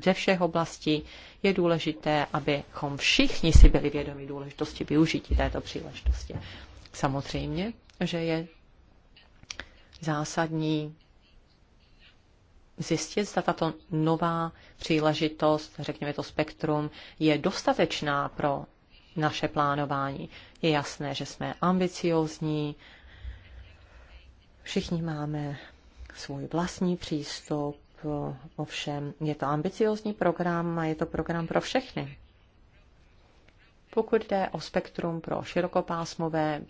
ze všech oblastí je důležité, abychom všichni si byli vědomi důležitosti využití této příležitosti. Samozřejmě, že je zásadní zjistit, zda tato nová příležitost, řekněme to spektrum, je dostatečná pro naše plánování. Je jasné, že jsme ambiciozní, všichni máme svůj vlastní přístup, ovšem je to ambiciozní program a je to program pro všechny. Pokud jde o spektrum pro širokopásmové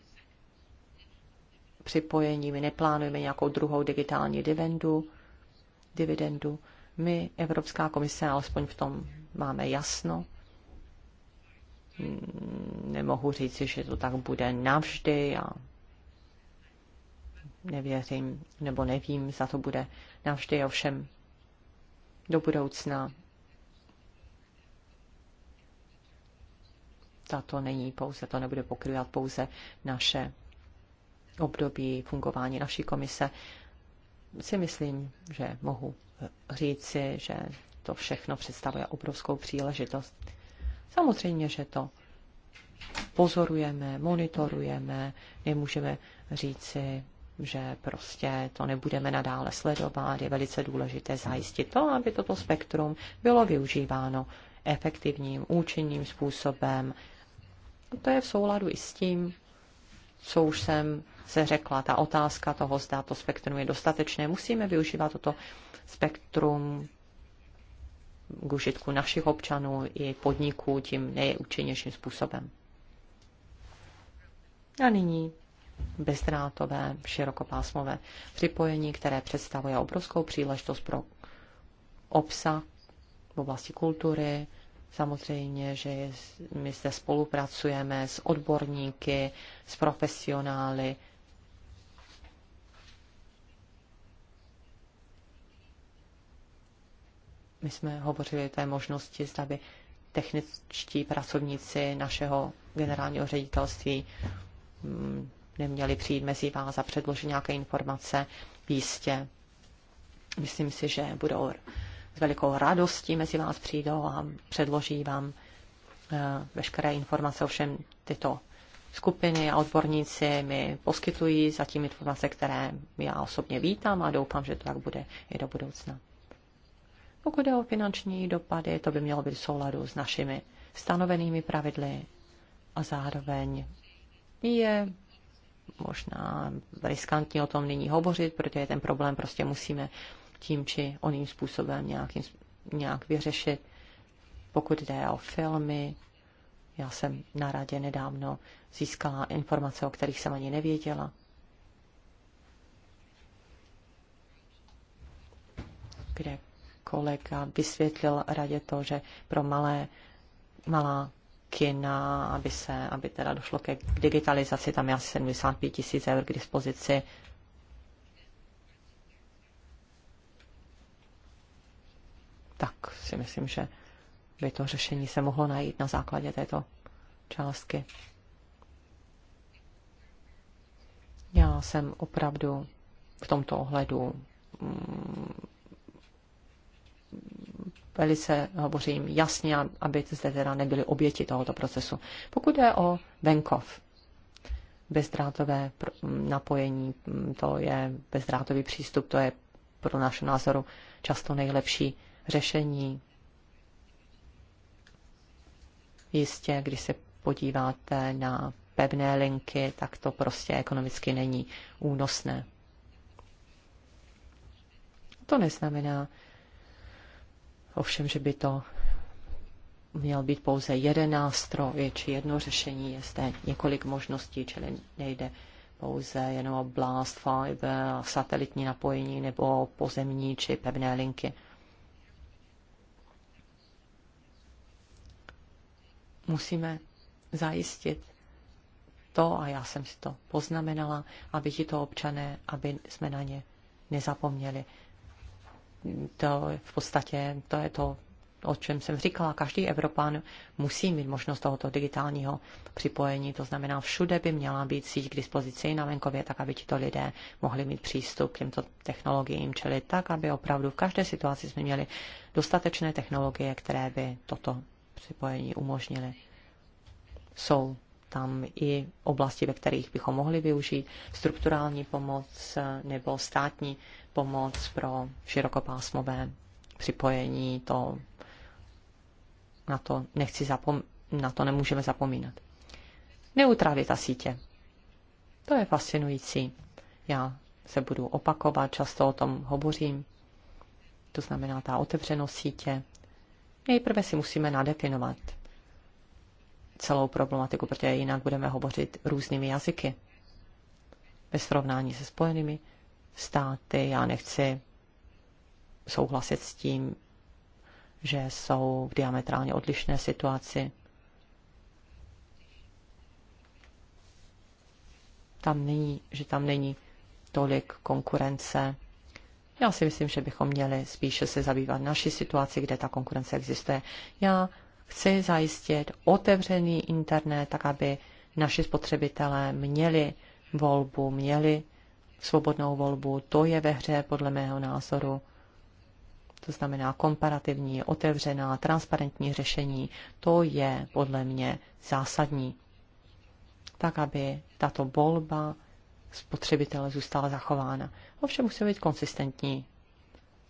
připojení, my neplánujeme nějakou druhou digitální dividendu, dividendu. My, Evropská komise, alespoň v tom máme jasno, nemohu říci, že to tak bude navždy. a nevěřím nebo nevím, za to bude navždy, ovšem do budoucna tato není pouze, to nebude pokrývat pouze naše období fungování naší komise. Si myslím, že mohu říci, že to všechno představuje obrovskou příležitost. Samozřejmě, že to pozorujeme, monitorujeme, nemůžeme říci, že prostě to nebudeme nadále sledovat. Je velice důležité zajistit to, aby toto spektrum bylo využíváno efektivním, účinným způsobem. To je v souladu i s tím, co už jsem se řekla, ta otázka toho, zda to spektrum je dostatečné. Musíme využívat toto spektrum k užitku našich občanů i podniků tím nejúčinnějším způsobem. A nyní bezdrátové širokopásmové připojení, které představuje obrovskou příležitost pro obsah v oblasti kultury. Samozřejmě, že my zde spolupracujeme s odborníky, s profesionály, My jsme hovořili o té možnosti, zda by techničtí pracovníci našeho generálního ředitelství mm, neměli přijít mezi vás a předložit nějaké informace jistě. Myslím si, že budou s velikou radostí mezi vás přijdou a předloží vám eh, veškeré informace. Ovšem tyto skupiny a odborníci mi poskytují zatím informace, které já osobně vítám a doufám, že to tak bude i do budoucna. Pokud je o finanční dopady, to by mělo být v souladu s našimi stanovenými pravidly a zároveň je možná riskantní o tom nyní hovořit, protože ten problém prostě musíme tím či oným způsobem nějakým, nějak vyřešit. Pokud jde o filmy, já jsem na radě nedávno získala informace, o kterých jsem ani nevěděla. Kde kolega vysvětlil radě to, že pro malé, malá kina, aby, se, aby teda došlo ke digitalizaci, tam je asi 75 tisíc eur k dispozici. Tak si myslím, že by to řešení se mohlo najít na základě této částky. Já jsem opravdu v tomto ohledu mm, velice hovořím jasně, aby zde teda nebyly oběti tohoto procesu. Pokud je o venkov, bezdrátové napojení, to je bezdrátový přístup, to je pro našeho názoru často nejlepší řešení. Jistě, když se podíváte na pevné linky, tak to prostě ekonomicky není únosné. To neznamená, Ovšem, že by to měl být pouze jeden nástroj či jedno řešení, je zde několik možností, čili nejde pouze jenom o blast fiber, satelitní napojení nebo pozemní či pevné linky. Musíme zajistit to, a já jsem si to poznamenala, aby ti to občané, aby jsme na ně nezapomněli to v podstatě to je to, o čem jsem říkala. Každý Evropán musí mít možnost tohoto digitálního připojení. To znamená, všude by měla být síť k dispozici na venkově, tak aby tito lidé mohli mít přístup k těmto technologiím, čili tak, aby opravdu v každé situaci jsme měli dostatečné technologie, které by toto připojení umožnily. Jsou tam i oblasti, ve kterých bychom mohli využít strukturální pomoc nebo státní pomoc pro širokopásmové připojení. To, na, to nechci zapom- na to nemůžeme zapomínat. Neutralita sítě. To je fascinující. Já se budu opakovat, často o tom hovořím. To znamená ta otevřenost sítě. Nejprve si musíme nadefinovat, celou problematiku, protože jinak budeme hovořit různými jazyky. Ve srovnání se spojenými státy já nechci souhlasit s tím, že jsou v diametrálně odlišné situaci. Tam není, že tam není tolik konkurence. Já si myslím, že bychom měli spíše se zabývat naší situaci, kde ta konkurence existuje. Já Chci zajistit otevřený internet, tak aby naši spotřebitelé měli volbu, měli svobodnou volbu. To je ve hře podle mého názoru. To znamená komparativní, otevřená, transparentní řešení. To je podle mě zásadní. Tak, aby tato volba spotřebitele zůstala zachována. Ovšem musí být konsistentní.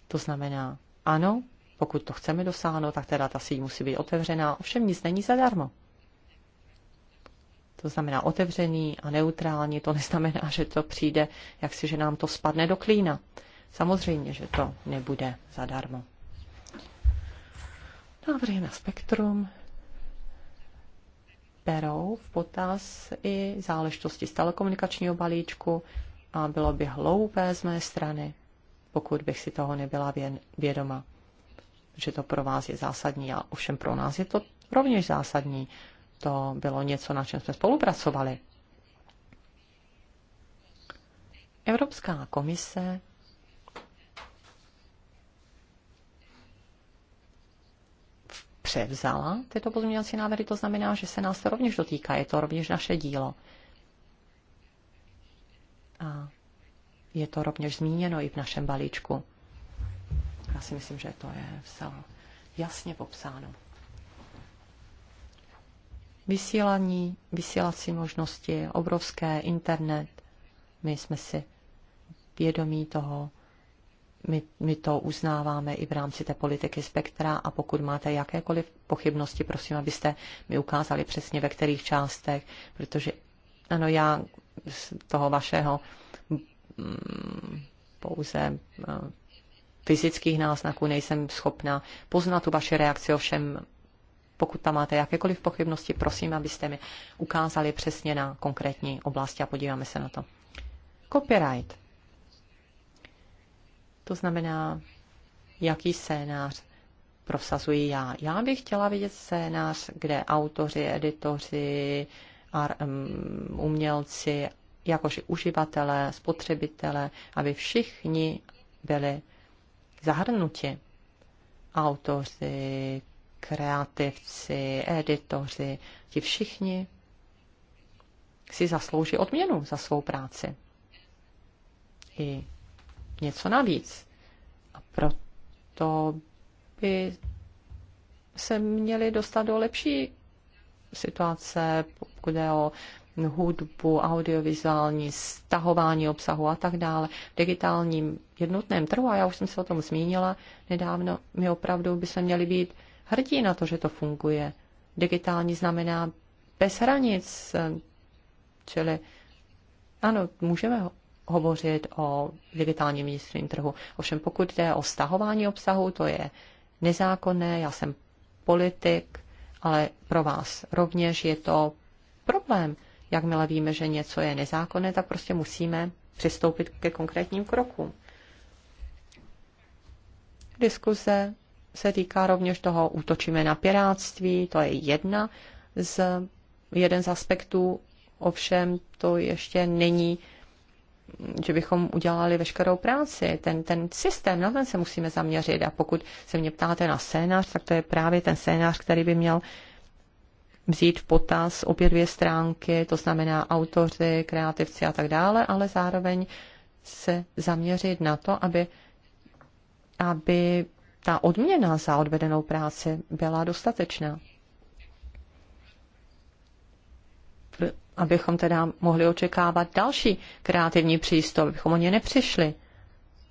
To znamená, ano, pokud to chceme dosáhnout, tak teda ta síť musí být otevřená. Ovšem nic není zadarmo. To znamená otevřený a neutrální, to neznamená, že to přijde, jak si, že nám to spadne do klína. Samozřejmě, že to nebude zadarmo. Návrhy na spektrum berou v potaz i záležitosti z telekomunikačního balíčku a bylo by hloupé z mé strany, pokud bych si toho nebyla vědoma že to pro vás je zásadní a ovšem pro nás je to rovněž zásadní. To bylo něco, na čem jsme spolupracovali. Evropská komise převzala tyto pozměňovací návrhy, to znamená, že se nás to rovněž dotýká, je to rovněž naše dílo. A je to rovněž zmíněno i v našem balíčku. Já si myslím, že to je vcela jasně popsáno. Vysílání, vysílací možnosti, obrovské internet. My jsme si vědomí toho, my, my to uznáváme i v rámci té politiky spektra a pokud máte jakékoliv pochybnosti, prosím, abyste mi ukázali přesně ve kterých částech, protože ano, já z toho vašeho mm, pouze eh, fyzických náznaků nejsem schopna poznat tu vaši reakci, ovšem pokud tam máte jakékoliv pochybnosti, prosím, abyste mi ukázali přesně na konkrétní oblasti a podíváme se na to. Copyright. To znamená, jaký scénář prosazuji já. Já bych chtěla vidět scénář, kde autoři, editoři, umělci, jakož i uživatelé, spotřebitelé, aby všichni byli zahrnutě. Autoři, kreativci, editoři, ti všichni si zaslouží odměnu za svou práci. I něco navíc. A proto by se měli dostat do lepší situace, pokud je o hudbu, audiovizuální, stahování obsahu a tak dále v digitálním jednotném trhu, a já už jsem se o tom zmínila nedávno, my opravdu by se měli být hrdí na to, že to funguje. Digitální znamená bez hranic, čili ano, můžeme ho hovořit o digitálním vnitřním trhu. Ovšem pokud jde o stahování obsahu, to je nezákonné, já jsem politik, ale pro vás rovněž je to problém. Jakmile víme, že něco je nezákonné, tak prostě musíme přistoupit ke konkrétním krokům. Diskuze se týká rovněž toho, útočíme na piráctví, to je jedna z, jeden z aspektů, ovšem to ještě není, že bychom udělali veškerou práci. Ten, ten systém, na ten se musíme zaměřit a pokud se mě ptáte na scénář, tak to je právě ten scénář, který by měl vzít v potaz obě dvě stránky, to znamená autoři, kreativci a tak dále, ale zároveň se zaměřit na to, aby, aby ta odměna za odvedenou práci byla dostatečná. Abychom teda mohli očekávat další kreativní přístup, abychom o ně nepřišli,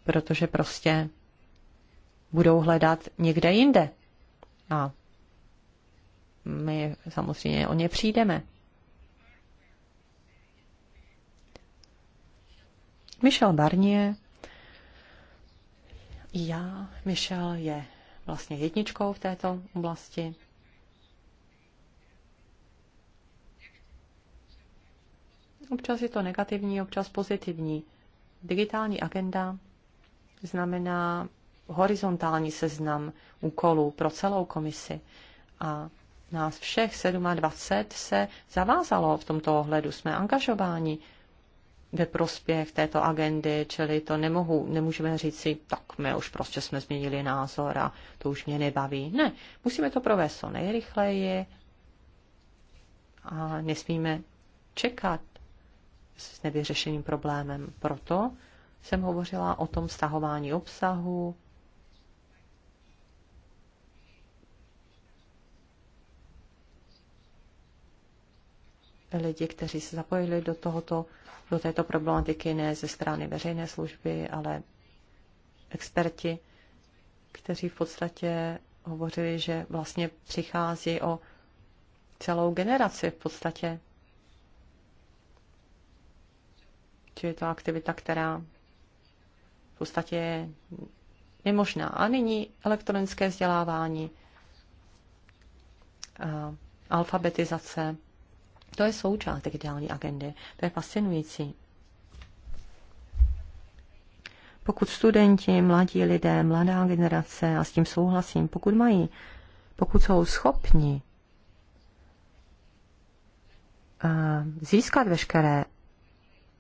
protože prostě budou hledat někde jinde. A my samozřejmě o ně přijdeme. Michel Barnier, já, Michel je vlastně jedničkou v této oblasti. Občas je to negativní, občas pozitivní. Digitální agenda znamená horizontální seznam úkolů pro celou komisi a nás všech 27 se zavázalo v tomto ohledu. Jsme angažováni ve prospěch této agendy, čili to nemohu, nemůžeme říct si, tak my už prostě jsme změnili názor a to už mě nebaví. Ne, musíme to provést co nejrychleji a nesmíme čekat s nevyřešeným problémem. Proto jsem hovořila o tom stahování obsahu, lidi, kteří se zapojili do, tohoto, do této problematiky ne ze strany veřejné služby, ale experti, kteří v podstatě hovořili, že vlastně přichází o celou generaci v podstatě. Čili je to aktivita, která v podstatě je nemožná. A nyní elektronické vzdělávání, alfabetizace, to je součást digitální agendy. To je fascinující. Pokud studenti, mladí lidé, mladá generace, a s tím souhlasím, pokud mají, pokud jsou schopni eh, získat veškeré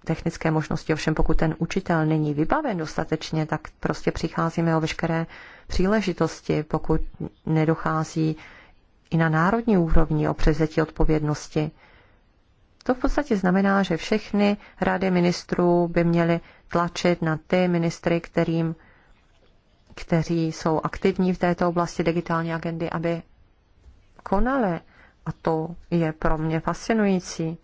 technické možnosti, ovšem pokud ten učitel není vybaven dostatečně, tak prostě přicházíme o veškeré příležitosti, pokud nedochází i na národní úrovni o převzetí odpovědnosti to v podstatě znamená, že všechny rady ministrů by měly tlačit na ty ministry, kterým, kteří jsou aktivní v této oblasti digitální agendy, aby konali. A to je pro mě fascinující.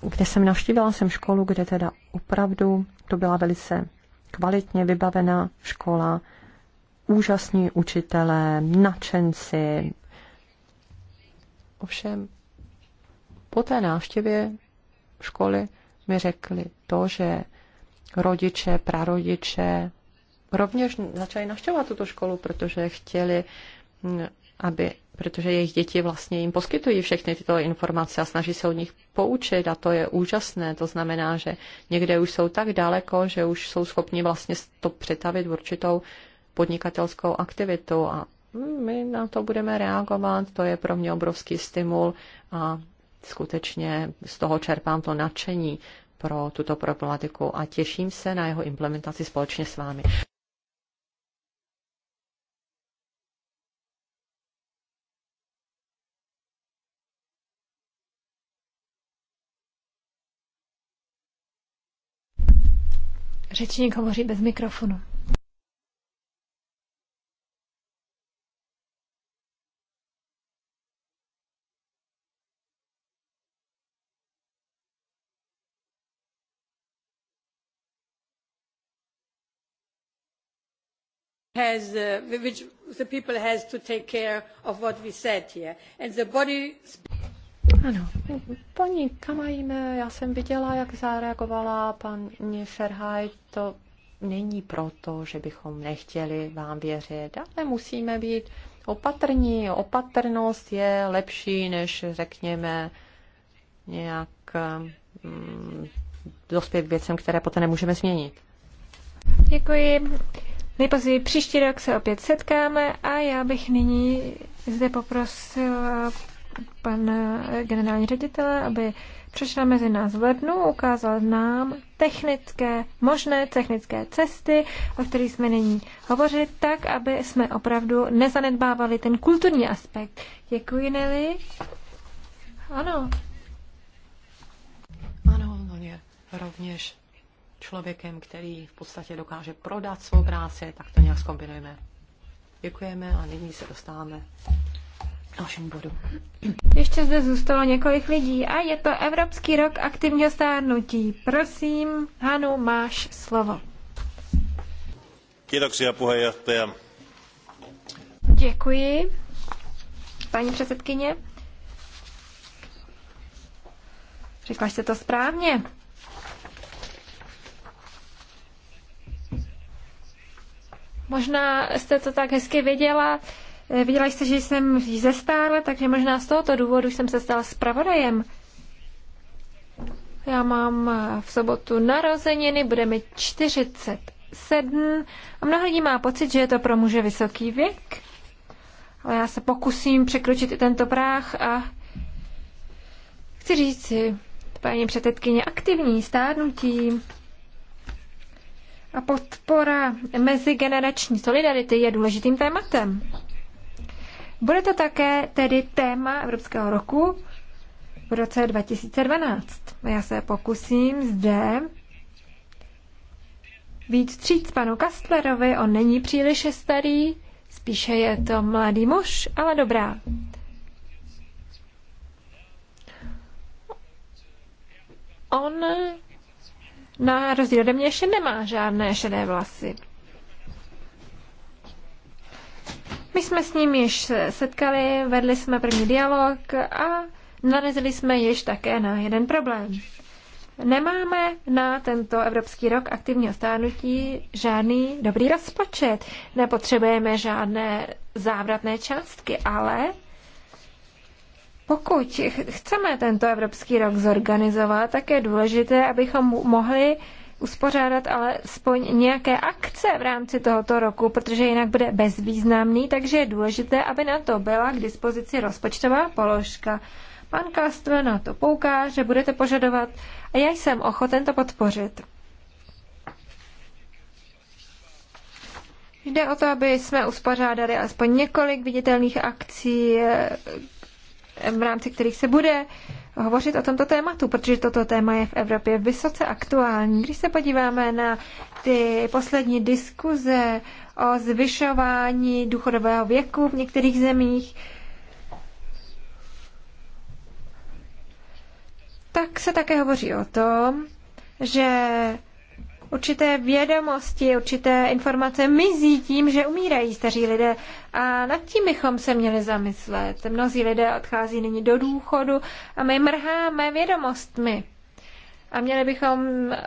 Uh, kde jsem navštívila jsem školu, kde teda opravdu to byla velice kvalitně vybavená škola, úžasní učitelé, nadšenci. Ovšem, po té návštěvě školy mi řekli to, že rodiče, prarodiče rovněž začali navštěvovat tuto školu, protože chtěli, mm, aby, protože jejich děti vlastně jim poskytují všechny tyto informace a snaží se od nich poučit a to je úžasné. To znamená, že někde už jsou tak daleko, že už jsou schopni vlastně to přetavit v určitou podnikatelskou aktivitu a my na to budeme reagovat, to je pro mě obrovský stimul a skutečně z toho čerpám to nadšení pro tuto problematiku a těším se na jeho implementaci společně s vámi. Řečník hovoří bez mikrofonu. Uh, the people has to take care of what we said here. And the body... Ano, paní Kamajme, já jsem viděla, jak zareagovala paní Ferhaj, to není proto, že bychom nechtěli vám věřit, ale musíme být opatrní. Opatrnost je lepší, než řekněme nějak mm, dospět k věcem, které poté nemůžeme změnit. Děkuji. Nejpozději příští rok se opět setkáme a já bych nyní zde poprosila pan generální ředitele, aby přišla mezi nás v lednu, ukázal nám technické, možné technické cesty, o kterých jsme nyní hovořili, tak, aby jsme opravdu nezanedbávali ten kulturní aspekt. Děkuji, Nelly. Ano. Ano, no rovněž člověkem, který v podstatě dokáže prodat svou práci, tak to nějak zkombinujeme. Děkujeme a nyní se dostáváme k našemu bodu. Ještě zde zůstalo několik lidí a je to Evropský rok aktivního stárnutí. Prosím, Hanu, máš slovo. Děkuji, paní předsedkyně. Řekla jste to správně. Možná jste to tak hezky viděla. Eh, viděla jste, že jsem zestárla, takže možná z tohoto důvodu jsem se stala zpravodajem. Já mám eh, v sobotu narozeniny, bude mi 47 a mnoho lidí má pocit, že je to pro muže vysoký věk. Ale já se pokusím překročit i tento práh a chci říct si, paní předsedkyně, aktivní stárnutí a podpora mezigenerační solidarity je důležitým tématem. Bude to také tedy téma Evropského roku v roce 2012. Já se pokusím zde víc vstříc panu Kastlerovi. On není příliš starý, spíše je to mladý muž, ale dobrá. On na rozdíl ode mě ještě nemá žádné šedé vlasy. My jsme s ním již setkali, vedli jsme první dialog a narazili jsme již také na jeden problém. Nemáme na tento Evropský rok aktivního stárnutí žádný dobrý rozpočet. Nepotřebujeme žádné závratné částky, ale pokud chceme tento Evropský rok zorganizovat, tak je důležité, abychom mohli uspořádat alespoň nějaké akce v rámci tohoto roku, protože jinak bude bezvýznamný, takže je důležité, aby na to byla k dispozici rozpočtová položka. Pan Kastl na to že budete požadovat a já jsem ochoten to podpořit. Jde o to, aby jsme uspořádali aspoň několik viditelných akcí, v rámci kterých se bude hovořit o tomto tématu, protože toto téma je v Evropě vysoce aktuální. Když se podíváme na ty poslední diskuze o zvyšování důchodového věku v některých zemích, tak se také hovoří o tom, že určité vědomosti, určité informace mizí tím, že umírají staří lidé. A nad tím bychom se měli zamyslet. Mnozí lidé odchází nyní do důchodu a my mrháme vědomostmi. A měli bychom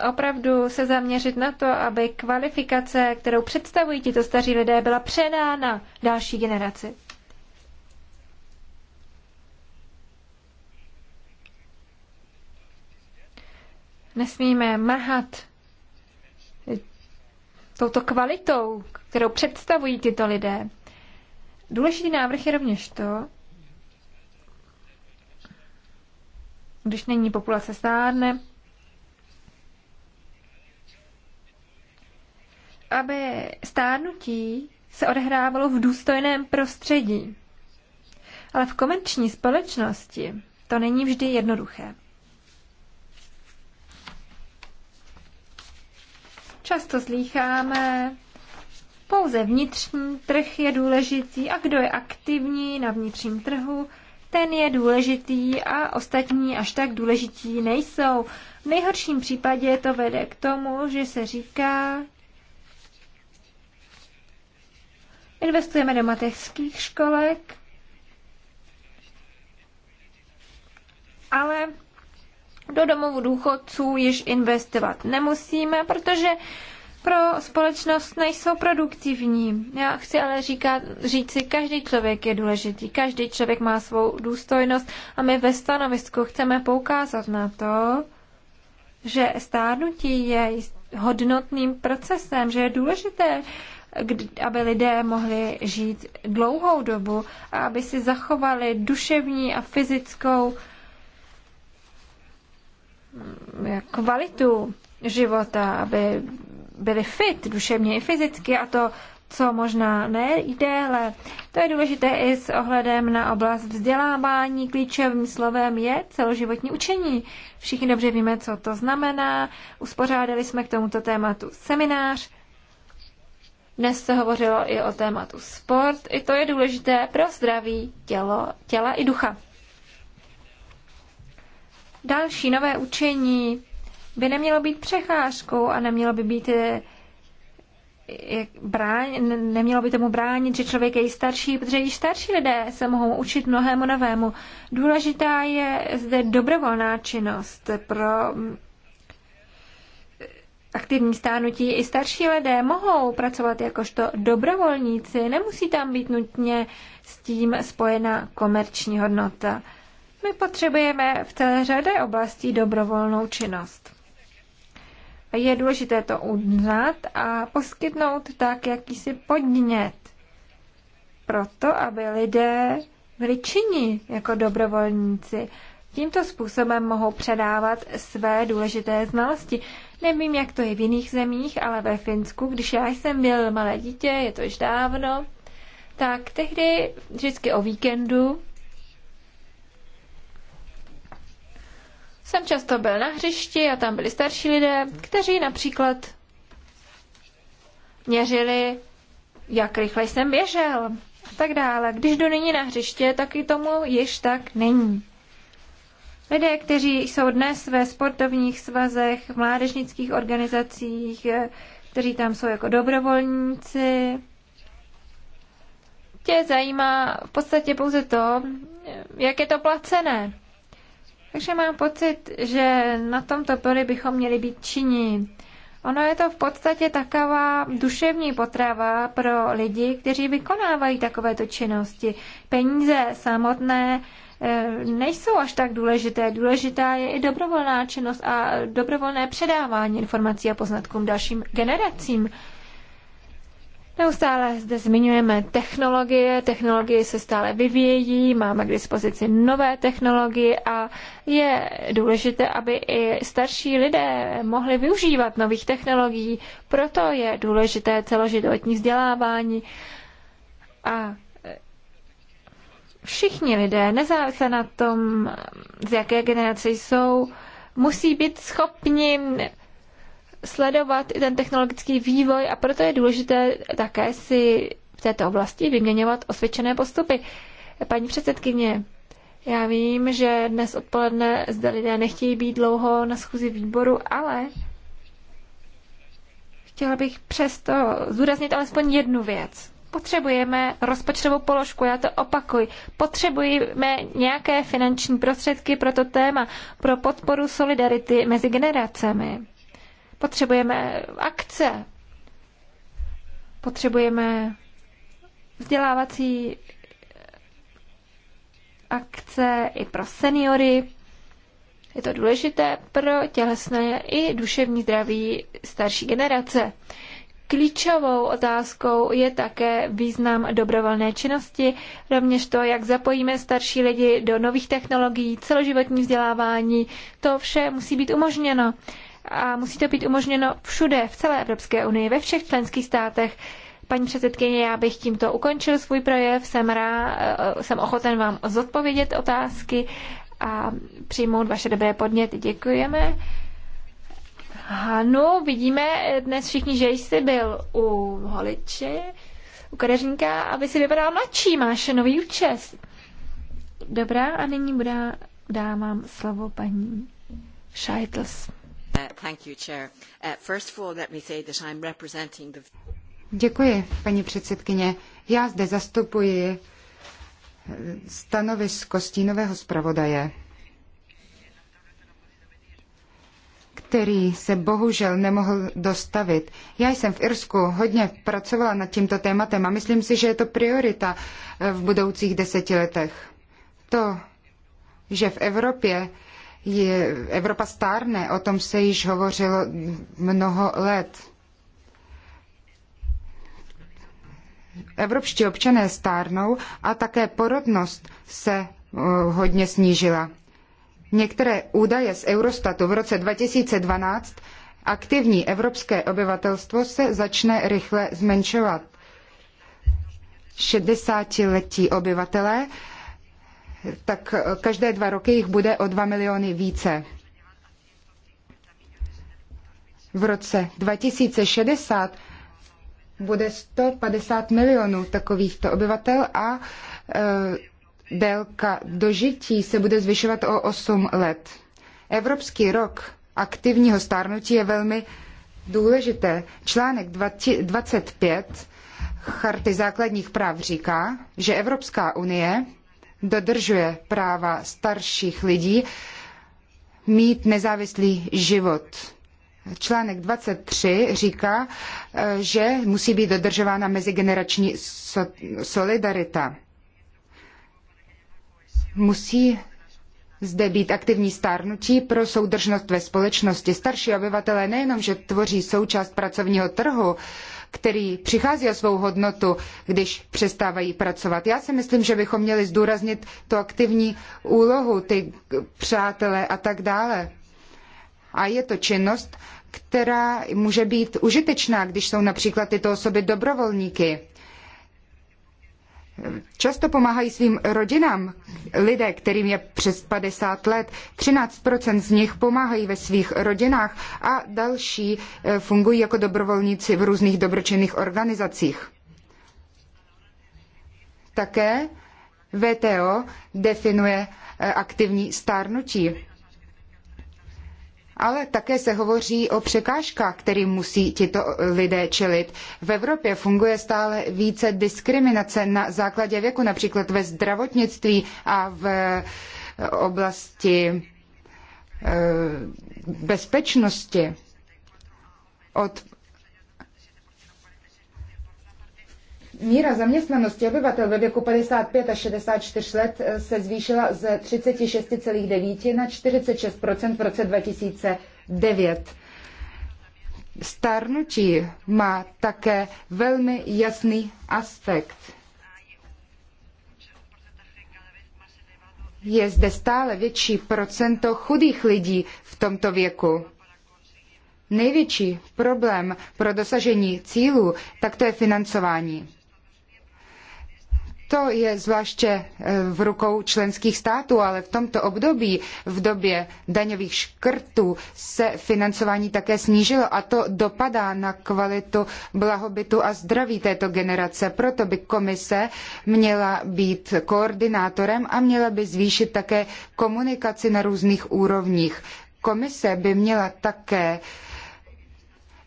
opravdu se zaměřit na to, aby kvalifikace, kterou představují tito staří lidé, byla předána další generaci. Nesmíme mrhat touto kvalitou, kterou představují tyto lidé. Důležitý návrh je rovněž to, když není populace stárne, aby stárnutí se odehrávalo v důstojném prostředí. Ale v komerční společnosti to není vždy jednoduché. Často slýcháme, pouze vnitřní trh je důležitý a kdo je aktivní na vnitřním trhu, ten je důležitý a ostatní až tak důležití nejsou. V nejhorším případě to vede k tomu, že se říká, investujeme do mateřských školek, ale do domovu důchodců již investovat nemusíme, protože pro společnost nejsou produktivní. Já chci ale říkat, si, každý člověk je důležitý, každý člověk má svou důstojnost a my ve stanovisku chceme poukázat na to, že stárnutí je hodnotným procesem, že je důležité, aby lidé mohli žít dlouhou dobu a aby si zachovali duševní a fyzickou Eh, kvalitu života, aby byli fit duševně i fyzicky a to, co možná nejde, ale to je důležité i s ohledem na oblast vzdělávání. Klíčovým slovem je celoživotní učení. Všichni dobře víme, co to znamená. Uspořádali jsme k tomuto tématu seminář. Dnes se hovořilo i o tématu sport. I to je důležité pro zdraví tělo, těla i ducha další nové učení by nemělo být přecházkou a nemělo by být eh, brán, nemělo by tomu bránit, že člověk je i starší, protože i starší lidé se mohou učit mnohému novému. Důležitá je zde dobrovolná činnost pro eh, aktivní stánutí. I starší lidé mohou pracovat jakožto dobrovolníci, nemusí tam být nutně s tím spojená komerční hodnota. My potřebujeme v celé řadě oblastí dobrovolnou činnost. Je důležité to uznat a poskytnout tak jakýsi podnět proto, aby lidé byli činí jako dobrovolníci. Tímto způsobem mohou předávat své důležité znalosti. Nevím, jak to je v jiných zemích, ale ve Finsku, když já jsem byl malé dítě, je to již dávno, tak tehdy vždycky o víkendu jsem často byl na hřišti a tam byli starší lidé, kteří například měřili, jak rychle jsem běžel a tak dále. Když jdu nyní na hřiště, tak i tomu již tak není. Lidé, kteří jsou dnes ve sportovních svazech, v mládežnických organizacích, eh, kteří tam jsou jako dobrovolníci, tě zajímá v podstatě pouze to, eh, jak je to placené. Takže mám pocit, že na tomto poli bychom měli být činní. Ono je to v podstatě taková duševní potrava pro lidi, kteří vykonávají takovéto činnosti. Peníze samotné eh, nejsou až tak důležité. Důležitá je i dobrovolná činnost a dobrovolné předávání informací a poznatkům dalším generacím. Neustále zde zmiňujeme technologie, technologie se stále vyvíjí, máme k dispozici nové technologie a je důležité, aby i starší lidé mohli využívat nových technologií. Proto je důležité celoživotní vzdělávání a e, všichni lidé, nezávisle na tom, z jaké generace jsou, musí být schopni sledovat i ten technologický vývoj a proto je důležité také si v této oblasti vyměňovat osvědčené postupy. Paní předsedkyně, já vím, že dnes odpoledne zde lidé nechtějí být dlouho na schůzi výboru, ale chtěla bych přesto zúraznit alespoň jednu věc. Potřebujeme rozpočtovou položku, já to opakuji. Potřebujeme nějaké finanční prostředky pro to téma, pro podporu solidarity mezi generacemi. Potřebujeme akce, potřebujeme vzdělávací akce i pro seniory. Je to důležité pro tělesné i duševní zdraví starší generace. Klíčovou otázkou je také význam dobrovolné činnosti, rovněž to, jak zapojíme starší lidi do nových technologií, celoživotní vzdělávání, to vše musí být umožněno a musí to být umožněno všude, v celé Evropské unii, ve všech členských státech. Paní předsedkyně, já bych tímto ukončil svůj projev, jsem, rá, eh, jsem ochoten vám zodpovědět otázky a přijmout vaše dobré podněty. Děkujeme. Hanu, vidíme dnes všichni, že jsi byl u holiče, u kadeřníka, aby si vypadal mladší, máš nový účest. Dobrá, a nyní bude, dávám slovo paní Scheitls. Děkuji, paní předsedkyně. Já zde zastupuji eh, stanovisko stínového zpravodaje, který se bohužel nemohl dostavit. Já jsem v Irsku hodně pracovala nad tímto tématem a myslím si, že je to priorita eh, v budoucích desetiletích. To, že v Evropě je, Evropa stárne, o tom se již hovořilo mnoho let. Evropští občané stárnou a také porodnost se eh, hodně snížila. Některé údaje z Eurostatu v roce 2012 aktivní evropské obyvatelstvo se začne rychle zmenšovat. 60-letí obyvatelé tak každé dva roky jich bude o 2 miliony více. V roce 2060 bude 150 milionů takovýchto obyvatel a e, délka dožití se bude zvyšovat o 8 let. Evropský rok aktivního stárnutí je velmi důležité. Článek 20, 25 Charty základních práv říká, že Evropská unie dodržuje práva starších lidí mít nezávislý život. Článek 23 říká, eh, že musí být dodržována mezigenerační solidarita. Musí zde být aktivní stárnutí pro soudržnost ve společnosti. Starší obyvatelé nejenom, že tvoří součást pracovního trhu, který přichází o svou hodnotu, když přestávají pracovat. Já si myslím, že bychom měli zdůraznit tu aktivní úlohu, ty přátelé a tak dále. A je to činnost, která může být užitečná, když jsou například tyto osoby dobrovolníky často pomáhají svým rodinám. Lidé, kterým je přes 50 let, 13% z nich pomáhají ve svých rodinách a další eh, fungují jako dobrovolníci v různých dobročinných organizacích. Také VTO definuje eh, aktivní stárnutí. Ale také se hovoří o překážkách, kterým musí tito lidé čelit. V Evropě funguje stále více diskriminace na základě věku, například ve zdravotnictví a v eh, oblasti eh, bezpečnosti. Od Míra zaměstnanosti obyvatel ve věku 55 a 64 let eh, se zvýšila z 36,9 na 46 v roce 2009. Stárnutí má také velmi jasný aspekt. Je zde stále větší procento chudých lidí v tomto věku. Největší problém pro dosažení cílů tak to je financování. To je zvláště eh, v rukou členských států, ale v tomto období, v době daňových škrtů, se financování také snížilo a to dopadá na kvalitu blahobytu a zdraví této generace. Proto by komise měla být koordinátorem a měla by zvýšit také komunikaci na různých úrovních. Komise by měla také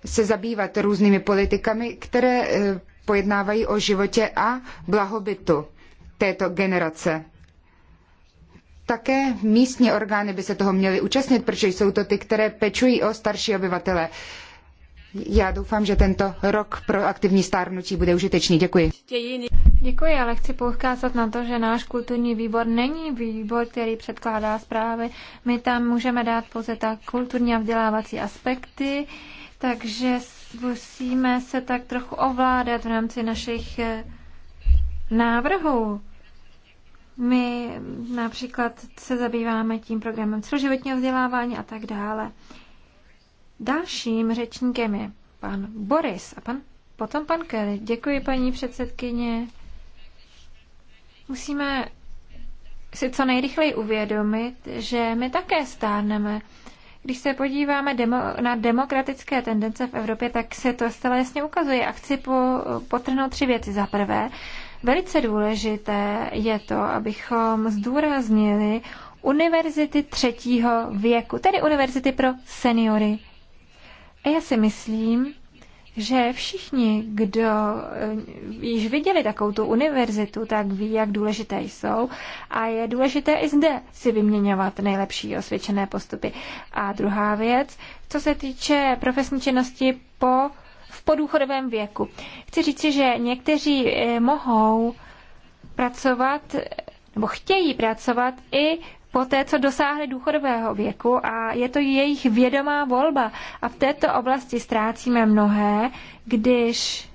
se zabývat různými politikami, které eh, pojednávají o životě a blahobytu této generace. Také místní orgány by se toho měly účastnit, protože jsou to ty, které pečují o starší obyvatele. Já doufám, že tento rok pro aktivní stárnutí bude užitečný. Děkuji. Děkuji, ale chci poukázat na to, že náš kulturní výbor není výbor, který předkládá zprávy. My tam můžeme dát pouze tak kulturní a vzdělávací aspekty, takže musíme se tak trochu ovládat v rámci našich eh, návrhů. My například se zabýváme tím programem celoživotního vzdělávání a tak dále. Dalším řečníkem je pan Boris a pan, potom pan Kelly. Děkuji, paní předsedkyně. Musíme si co nejrychleji uvědomit, že my také stárneme když se podíváme demo, na demokratické tendence v Evropě, tak se to zcela jasně ukazuje. A chci po, potrhnout tři věci. Za prvé, velice důležité je to, abychom zdůraznili univerzity třetího věku, tedy univerzity pro seniory. A já si myslím, že všichni, kdo eh, již viděli takovou tu univerzitu, tak ví, jak důležité jsou a je důležité i zde si vyměňovat nejlepší osvědčené postupy. A druhá věc, co se týče profesní činnosti po, v podůchodovém věku. Chci říci, že někteří eh, mohou pracovat nebo chtějí pracovat i po té, co dosáhly důchodového věku a je to jejich vědomá volba. A v této oblasti ztrácíme mnohé, když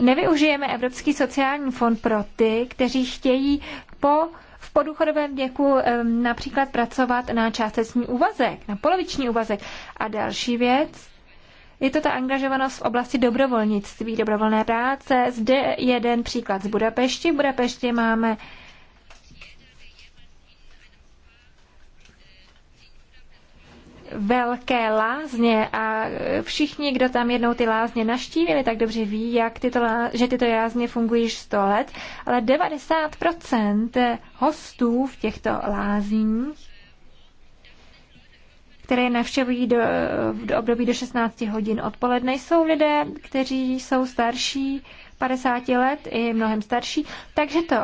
nevyužijeme Evropský sociální fond pro ty, kteří chtějí po v poduchodovém věku například pracovat na částečný úvazek, na poloviční úvazek. A další věc, je to ta angažovanost v oblasti dobrovolnictví, dobrovolné práce. Zde jeden příklad z Budapešti. V Budapešti máme velké lázně a všichni, kdo tam jednou ty lázně naštívili, tak dobře ví, jak tyto, že tyto lázně fungují již 100 let, ale 90% hostů v těchto lázních, které navštěvují do, do období do 16 hodin odpoledne, jsou lidé, kteří jsou starší 50 let i mnohem starší, takže to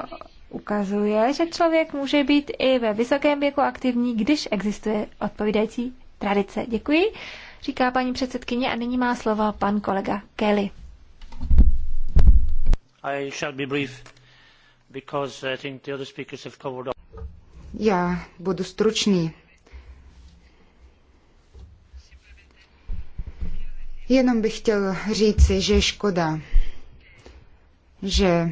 ukazuje, že člověk může být i ve vysokém věku aktivní, když existuje odpovídající tradice. Děkuji, říká paní předsedkyně a nyní má slovo pan kolega Kelly. Já budu stručný. Jenom bych chtěl říci, že je škoda, že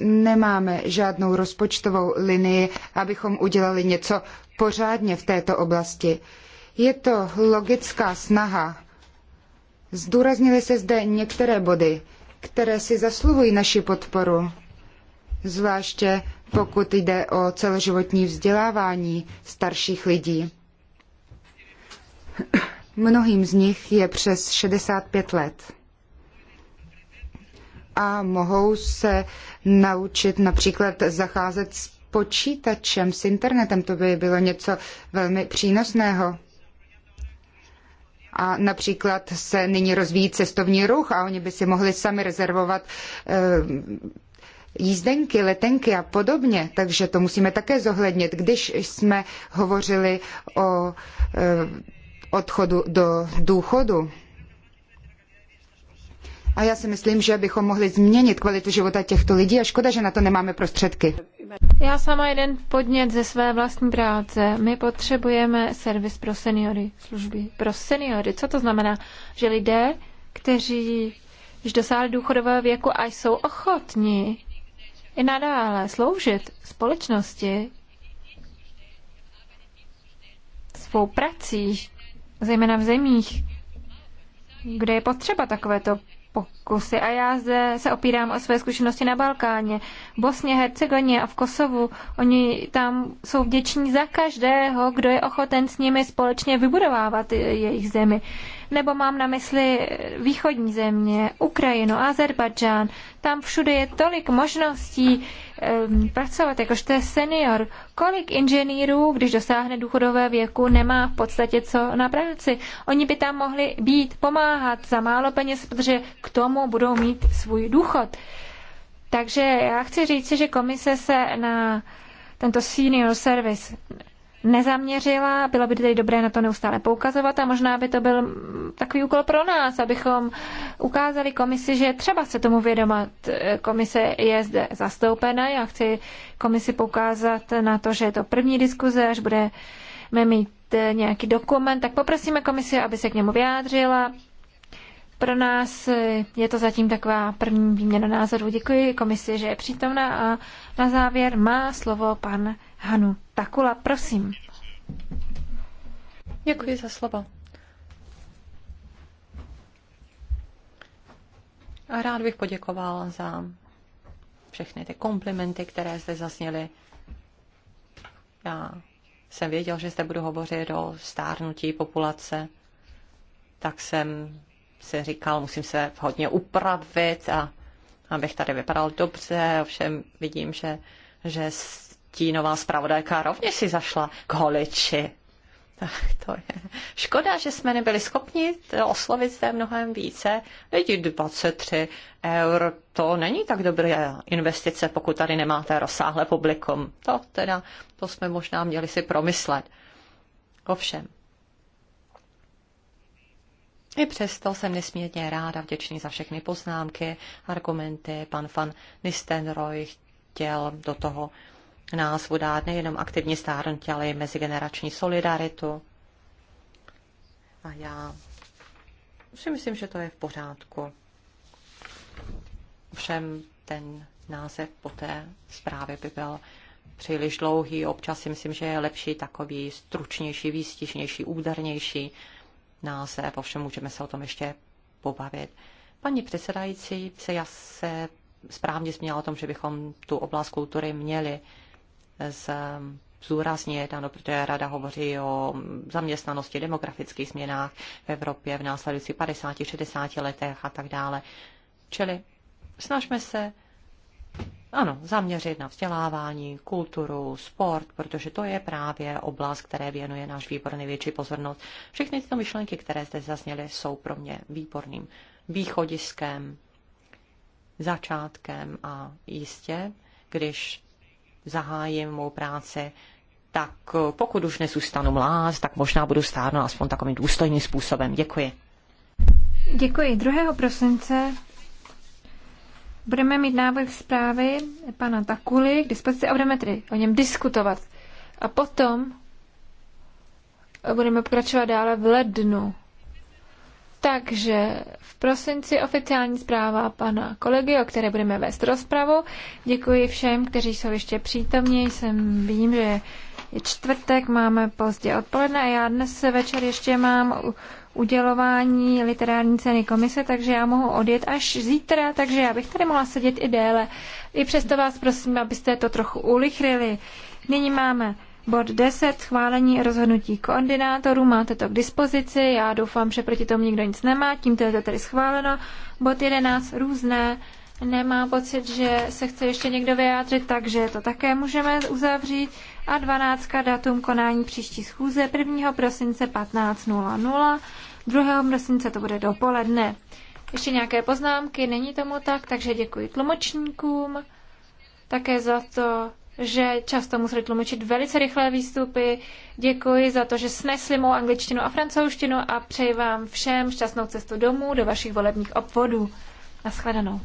nemáme žádnou rozpočtovou linii, abychom udělali něco pořádně v této oblasti. Je to logická snaha. Zdůraznily se zde některé body, které si zasluhují naši podporu, zvláště pokud jde o celoživotní vzdělávání starších lidí. Mnohým z nich je přes 65 let a mohou se naučit například zacházet s počítačem, s internetem. To by bylo něco velmi přínosného. A například se nyní rozvíjí cestovní ruch a oni by si mohli sami rezervovat eh, jízdenky, letenky a podobně, takže to musíme také zohlednit. Když jsme hovořili o eh, odchodu do důchodu, a já si myslím, že bychom mohli změnit kvalitu života těchto lidí a škoda, že na to nemáme prostředky. Já sama jeden podnět ze své vlastní práce. My potřebujeme servis pro seniory, služby pro seniory. Co to znamená? Že lidé, kteří již dosáhli důchodového věku a jsou ochotní i nadále sloužit společnosti svou prací, zejména v zemích, kde je potřeba takovéto pokusy. A já zde se opírám o své zkušenosti na Balkáně, v Bosně, Hercegoně a v Kosovu. Oni tam jsou vděční za každého, kdo je ochoten s nimi společně vybudovávat jejich zemi. Nebo mám na mysli východní země, Ukrajinu, Azerbajdžán. Tam všude je tolik možností pracovat, jakožto to je senior. Kolik inženýrů, když dosáhne důchodové věku, nemá v podstatě co na práci? Oni by tam mohli být, pomáhat za málo peněz, protože k tomu budou mít svůj důchod. Takže já chci říct, že komise se na tento senior service nezaměřila. Bylo by tedy dobré na to neustále poukazovat a možná by to byl takový úkol pro nás, abychom ukázali komisi, že třeba se tomu vědomat. Eh, komise je zde zastoupena. Já chci komisi poukázat na to, že je to první diskuze, až budeme mít eh, nějaký dokument, tak poprosíme komisi, aby se k němu vyjádřila. Pro nás eh, je to zatím taková první výměna názorů. Děkuji komisi, že je přítomná a na závěr má slovo pan Hanu. Takula, prosím. Děkuji za slovo. A rád bych poděkoval za všechny ty komplimenty, které zde zasněly. Já jsem věděl, že zde budu hovořit o stárnutí populace, tak jsem si říkal, musím se hodně upravit a abych tady vypadal dobře, ovšem vidím, že, že stínová zpravodajka rovněž si zašla k holiči. Tak to je. Škoda, že jsme nebyli schopni oslovit zde mnohem více. Lidi 23 eur, to není tak dobré investice, pokud tady nemáte rozsáhlé publikum. To teda, to jsme možná měli si promyslet. Ovšem. I přesto jsem nesmírně ráda vděčný za všechny poznámky, argumenty. Pan van Nistenroy chtěl do toho nás vodá nejenom aktivní stárnutí, ale i mezigenerační solidaritu. A já si myslím, že to je v pořádku. Všem ten název po té zprávě by byl příliš dlouhý. Občas si myslím, že je lepší takový stručnější, výstižnější, údernější název. Ovšem můžeme se o tom ještě pobavit. Paní předsedající se já se správně zmínila o tom, že bychom tu oblast kultury měli uh, z zúrazně dáno, protože Rada hovoří o zaměstnanosti, demografických změnách v Evropě v následujících 50, 60 letech a tak dále. Čili snažme se ano, zaměřit na vzdělávání, kulturu, sport, protože to je právě oblast, které věnuje náš výbor největší pozornost. Všechny tyto myšlenky, které zde zazněly, jsou pro mě výborným východiskem, začátkem a jistě, když zahájím mou práci, tak pokud už nezůstanu mláz, tak možná budu stárnout aspoň takovým důstojným způsobem. Děkuji. Děkuji. 2. prosince budeme mít návrh zprávy pana Takuly k dispozici a budeme tedy o něm diskutovat. A potom budeme pokračovat dále v lednu. Takže v prosinci oficiální zpráva pana kolegy, o které budeme vést rozpravu. Děkuji všem, kteří jsou ještě přítomní. Jsem, vím, že je čtvrtek, máme pozdě odpoledne a já dnes večer ještě mám udělování literární ceny komise, takže já mohu odjet až zítra, takže já bych tady mohla sedět i déle. I přesto vás prosím, abyste to trochu ulichrili. Nyní máme Bod 10, schválení rozhodnutí koordinátorů, máte to k dispozici, já doufám, že proti tomu nikdo nic nemá, tímto je to tedy schváleno. Bod 11, různé, nemá pocit, že se chce ještě někdo vyjádřit, takže to také můžeme uzavřít. A 12, datum konání příští schůze 1. prosince 15.00, 2. prosince to bude dopoledne. Ještě nějaké poznámky, není tomu tak, takže děkuji tlumočníkům, také za to, že často museli tlumočit velice rychlé výstupy. Děkuji za to, že snesli mou angličtinu a francouzštinu a přeji vám všem šťastnou cestu domů do vašich volebních obvodů. Naschledanou.